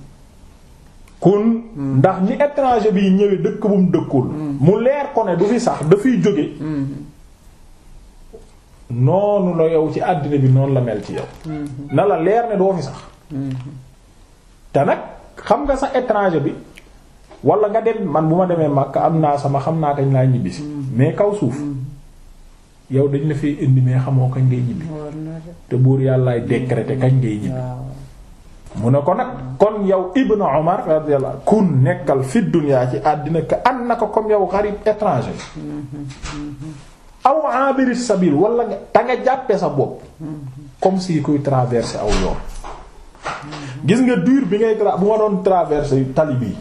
kon hmm. ndax ni étranger bi ñëwee dëkk bu mu dëkkul. mu leer ko ne du fi sax dafiy jóge. noonu la yow ci àddina bi noonu la mel ci yow mm-hmm. na la leer ne doo fi sax mm-hmm. te nag xam nga sa étranger bi wala nga dem man bu ma demee Makka am naa sama xam naa kañ laa ñibbisi mm-hmm. mais kaw suuf yow dañ la fee indi mais xamoo kañ ngay ñibbi te buur yàllaay décréter kañ ngay ñibbi mu ne ko nag kon yow Ibn Omar radiyallahu kun nekkal fi dunya ci àddina na ko comme yow xarib étranger aw abiri sabil wala nga te nga jàppe sa bopp comme si kuy traverser aw yoon gis nga dur bi ngay tra bu ma doon traverser tali bii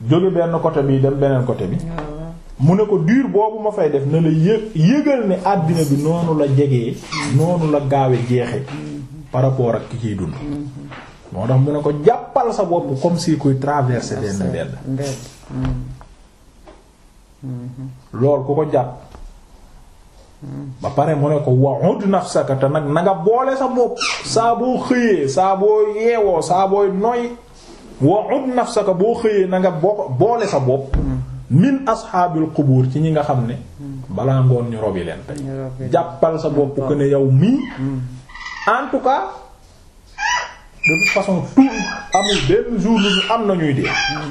jóge benn côté bi dem beneen côté bi mu ne ko dur boobu ma fay def na la yëg yëgal ne àddina bi noonu la jegee noonu la gaawe jeexe par rapport ak ki ciy dund moo tax mu ne ko jàppal sa bopp comme si kuy traverser benn mbedd mm. mm-hmm. loolu ku ko jàpp ba pare mu ne ko wa'ud nafsaka te nag na boole sa bopp saa boo xëyee saa boo yeewoo saa booy noy wa'ud nafsaka boo xëyee nanga nga boole sa bopp min ashaabil qubuur ci ñi nga xam ne balaa ngoon ñu yi leen tey jàppal sa bopp ko ne yow mii en tout cas de toute façon tout benn jour lu ñu am na ñuy dee mm-hmm.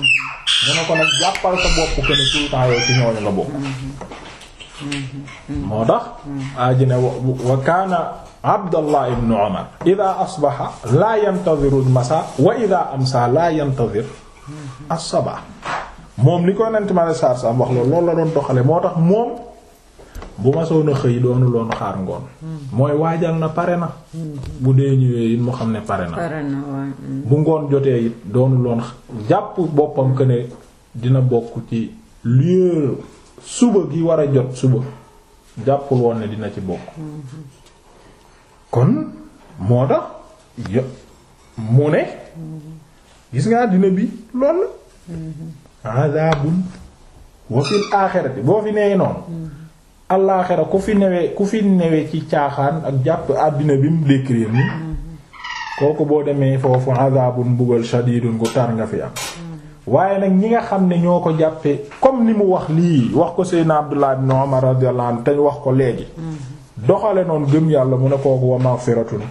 mu ne ko nag jàppal sa bopp ko ne tout ci ñooñu nga bokk mm-hmm. moo tax aji ne wa kaana abdallah ibn umar ida asbaha laa yantadiru almasa wa ida amsa laa yantadir as moom li ko nent ma la saar saam wax loolu loolu la doon doxale moo tax moom bu ma soon xëy doonu loon xaar ngoon mooy waajal na pare na bu dee ñëwee it mu xam ne pare na bu ngoon jotee it doonu loon jàpp boppam que ne dina bokk ci lieu suba gi war a jot suba jàppul woon ne dina ci bokk kon moo tax yo mu ne gis nga àddina bi lool azabun wa fil aaxirati boo fi nee noonu alaaxira ku fi newee ku fi newee ci caaxaan ak jàpp àddina bi mu décrire ni kooku boo demee foofu azabun mbugal shadidun gu tar nga fi am waaye nag ñi nga xam ne ñoo ko jàppee comme ni mu wax lii wax ko Seydina Abdullah ibn Umar radiyallahu anhu te ñu wax ko léegi mm-hmm. doxale noonu gëm yàlla mu ne kooku wa maghfiratun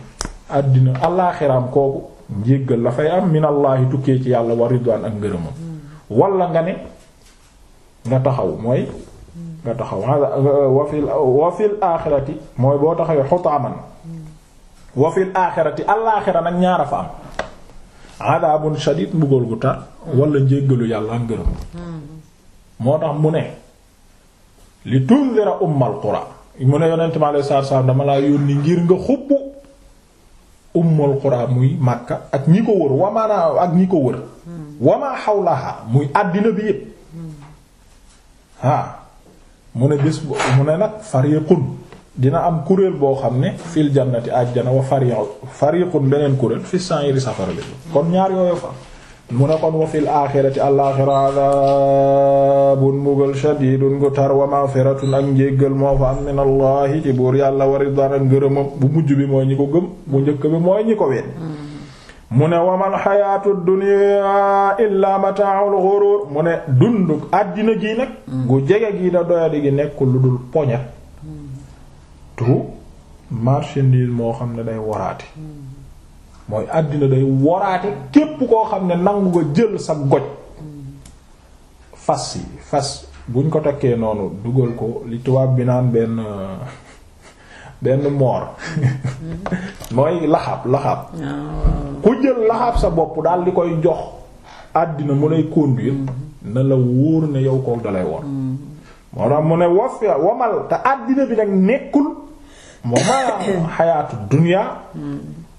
àddina allaaxiraam kooku njéggal la fay am minallaahi tukkee ci yàlla wa ak ngërëmam mm-hmm. wala nga ne nga taxaw mooy mm-hmm. nga taxaw wa fil wa aaxirati mooy boo taxawee xutaaman wa fil aaxirati allaaxira nag ñaara fa am adabun shadid mbugal gu tar wala njéggalu yàlla ak moo tax mu ne li tunzira ummal qura mu ne yonent mi alayhi salaatu salaam dama laa yónni ngir nga xubbu ummal qura muy Makka ak ñi ko wër wamaana ak ñi ko wër hmm. wamaa xawlaha muy àddina bi yépp ah mu ne bés mu ne nag fariqun dina am kuréel boo xam ne fil jannati àjjana wa fariqun fariqun beneen kuréel fi sa'iri safara li kon ñaar yooyu fa mu ne kon wa fil aaxirati al-aaxira mbugal shadiidun gu tar wa maghfiratun ak njéggal moo fa am minallahi ci buur yàlla wa ridwaan ak ngërëmam bu mujj bi mooy ñi ko gëm bu njëkk bi mooy ñi ko wéet mu ne wamal xayaatu dunya illa mata'ul ghurur mu ne dunduk àddina gi nag gu jege gi da doyadi gi nekkul lu dul poñet surtout marchandise moo xam ne day waraate mooy àddina day waraate képp koo xam ne nangu nga jël sa goj fas yi fas buñ ko takkee noonu dugal ko li tubaab bi naan benn benn moor (laughs) mooy laxaab laxaab ku jël laxaab sa bopp daal di koy jox àddina mu lay conduire na la wóor ne yow koo dalay woon mm-hmm. moo tax mu ne waf wamal te àddina bi nag nekkul moom xayaatu dunya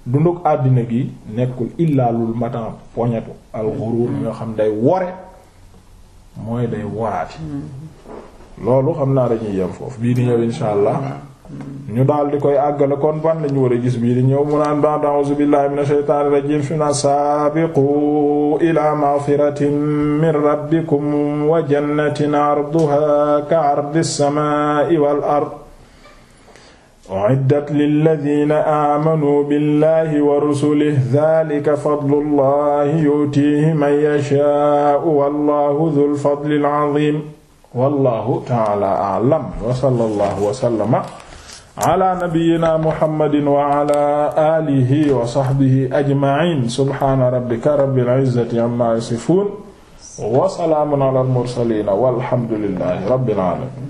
dunduk àddina gi nekkul illaa lul matan poñetu al ghurur nga xam day wore mooy day woraati loolu xam naa dañuy yem foofu bii di ñëw insha allah ñu daal di koy àggale kon ban lañu war a gis bii di ñëw mu naan ba'd a'uuzu billahi minash shaytaanir rajiim fi na saabiqu ila maghfiratin min rabbikum wa jannatin arduha ka ardis samaa'i wal ard u'iddat lilladina aamanu billahi wa rusulihi dhaalika fadlullahi yu'tiihi man yashaa'u wallaahu dhul fadlil 'aziim wallaahu ta'aalaa a'lam wa sallallaahu wa sallama ala nabiyyina muhammadin wa ala aalihi wa sahbihi ajma'iin subhaana rabbika rabbil 'izzati 'ammaa yasifuun wa salaamun ala al-mursaliin walhamdu lillaahi rabbil 'aalamiin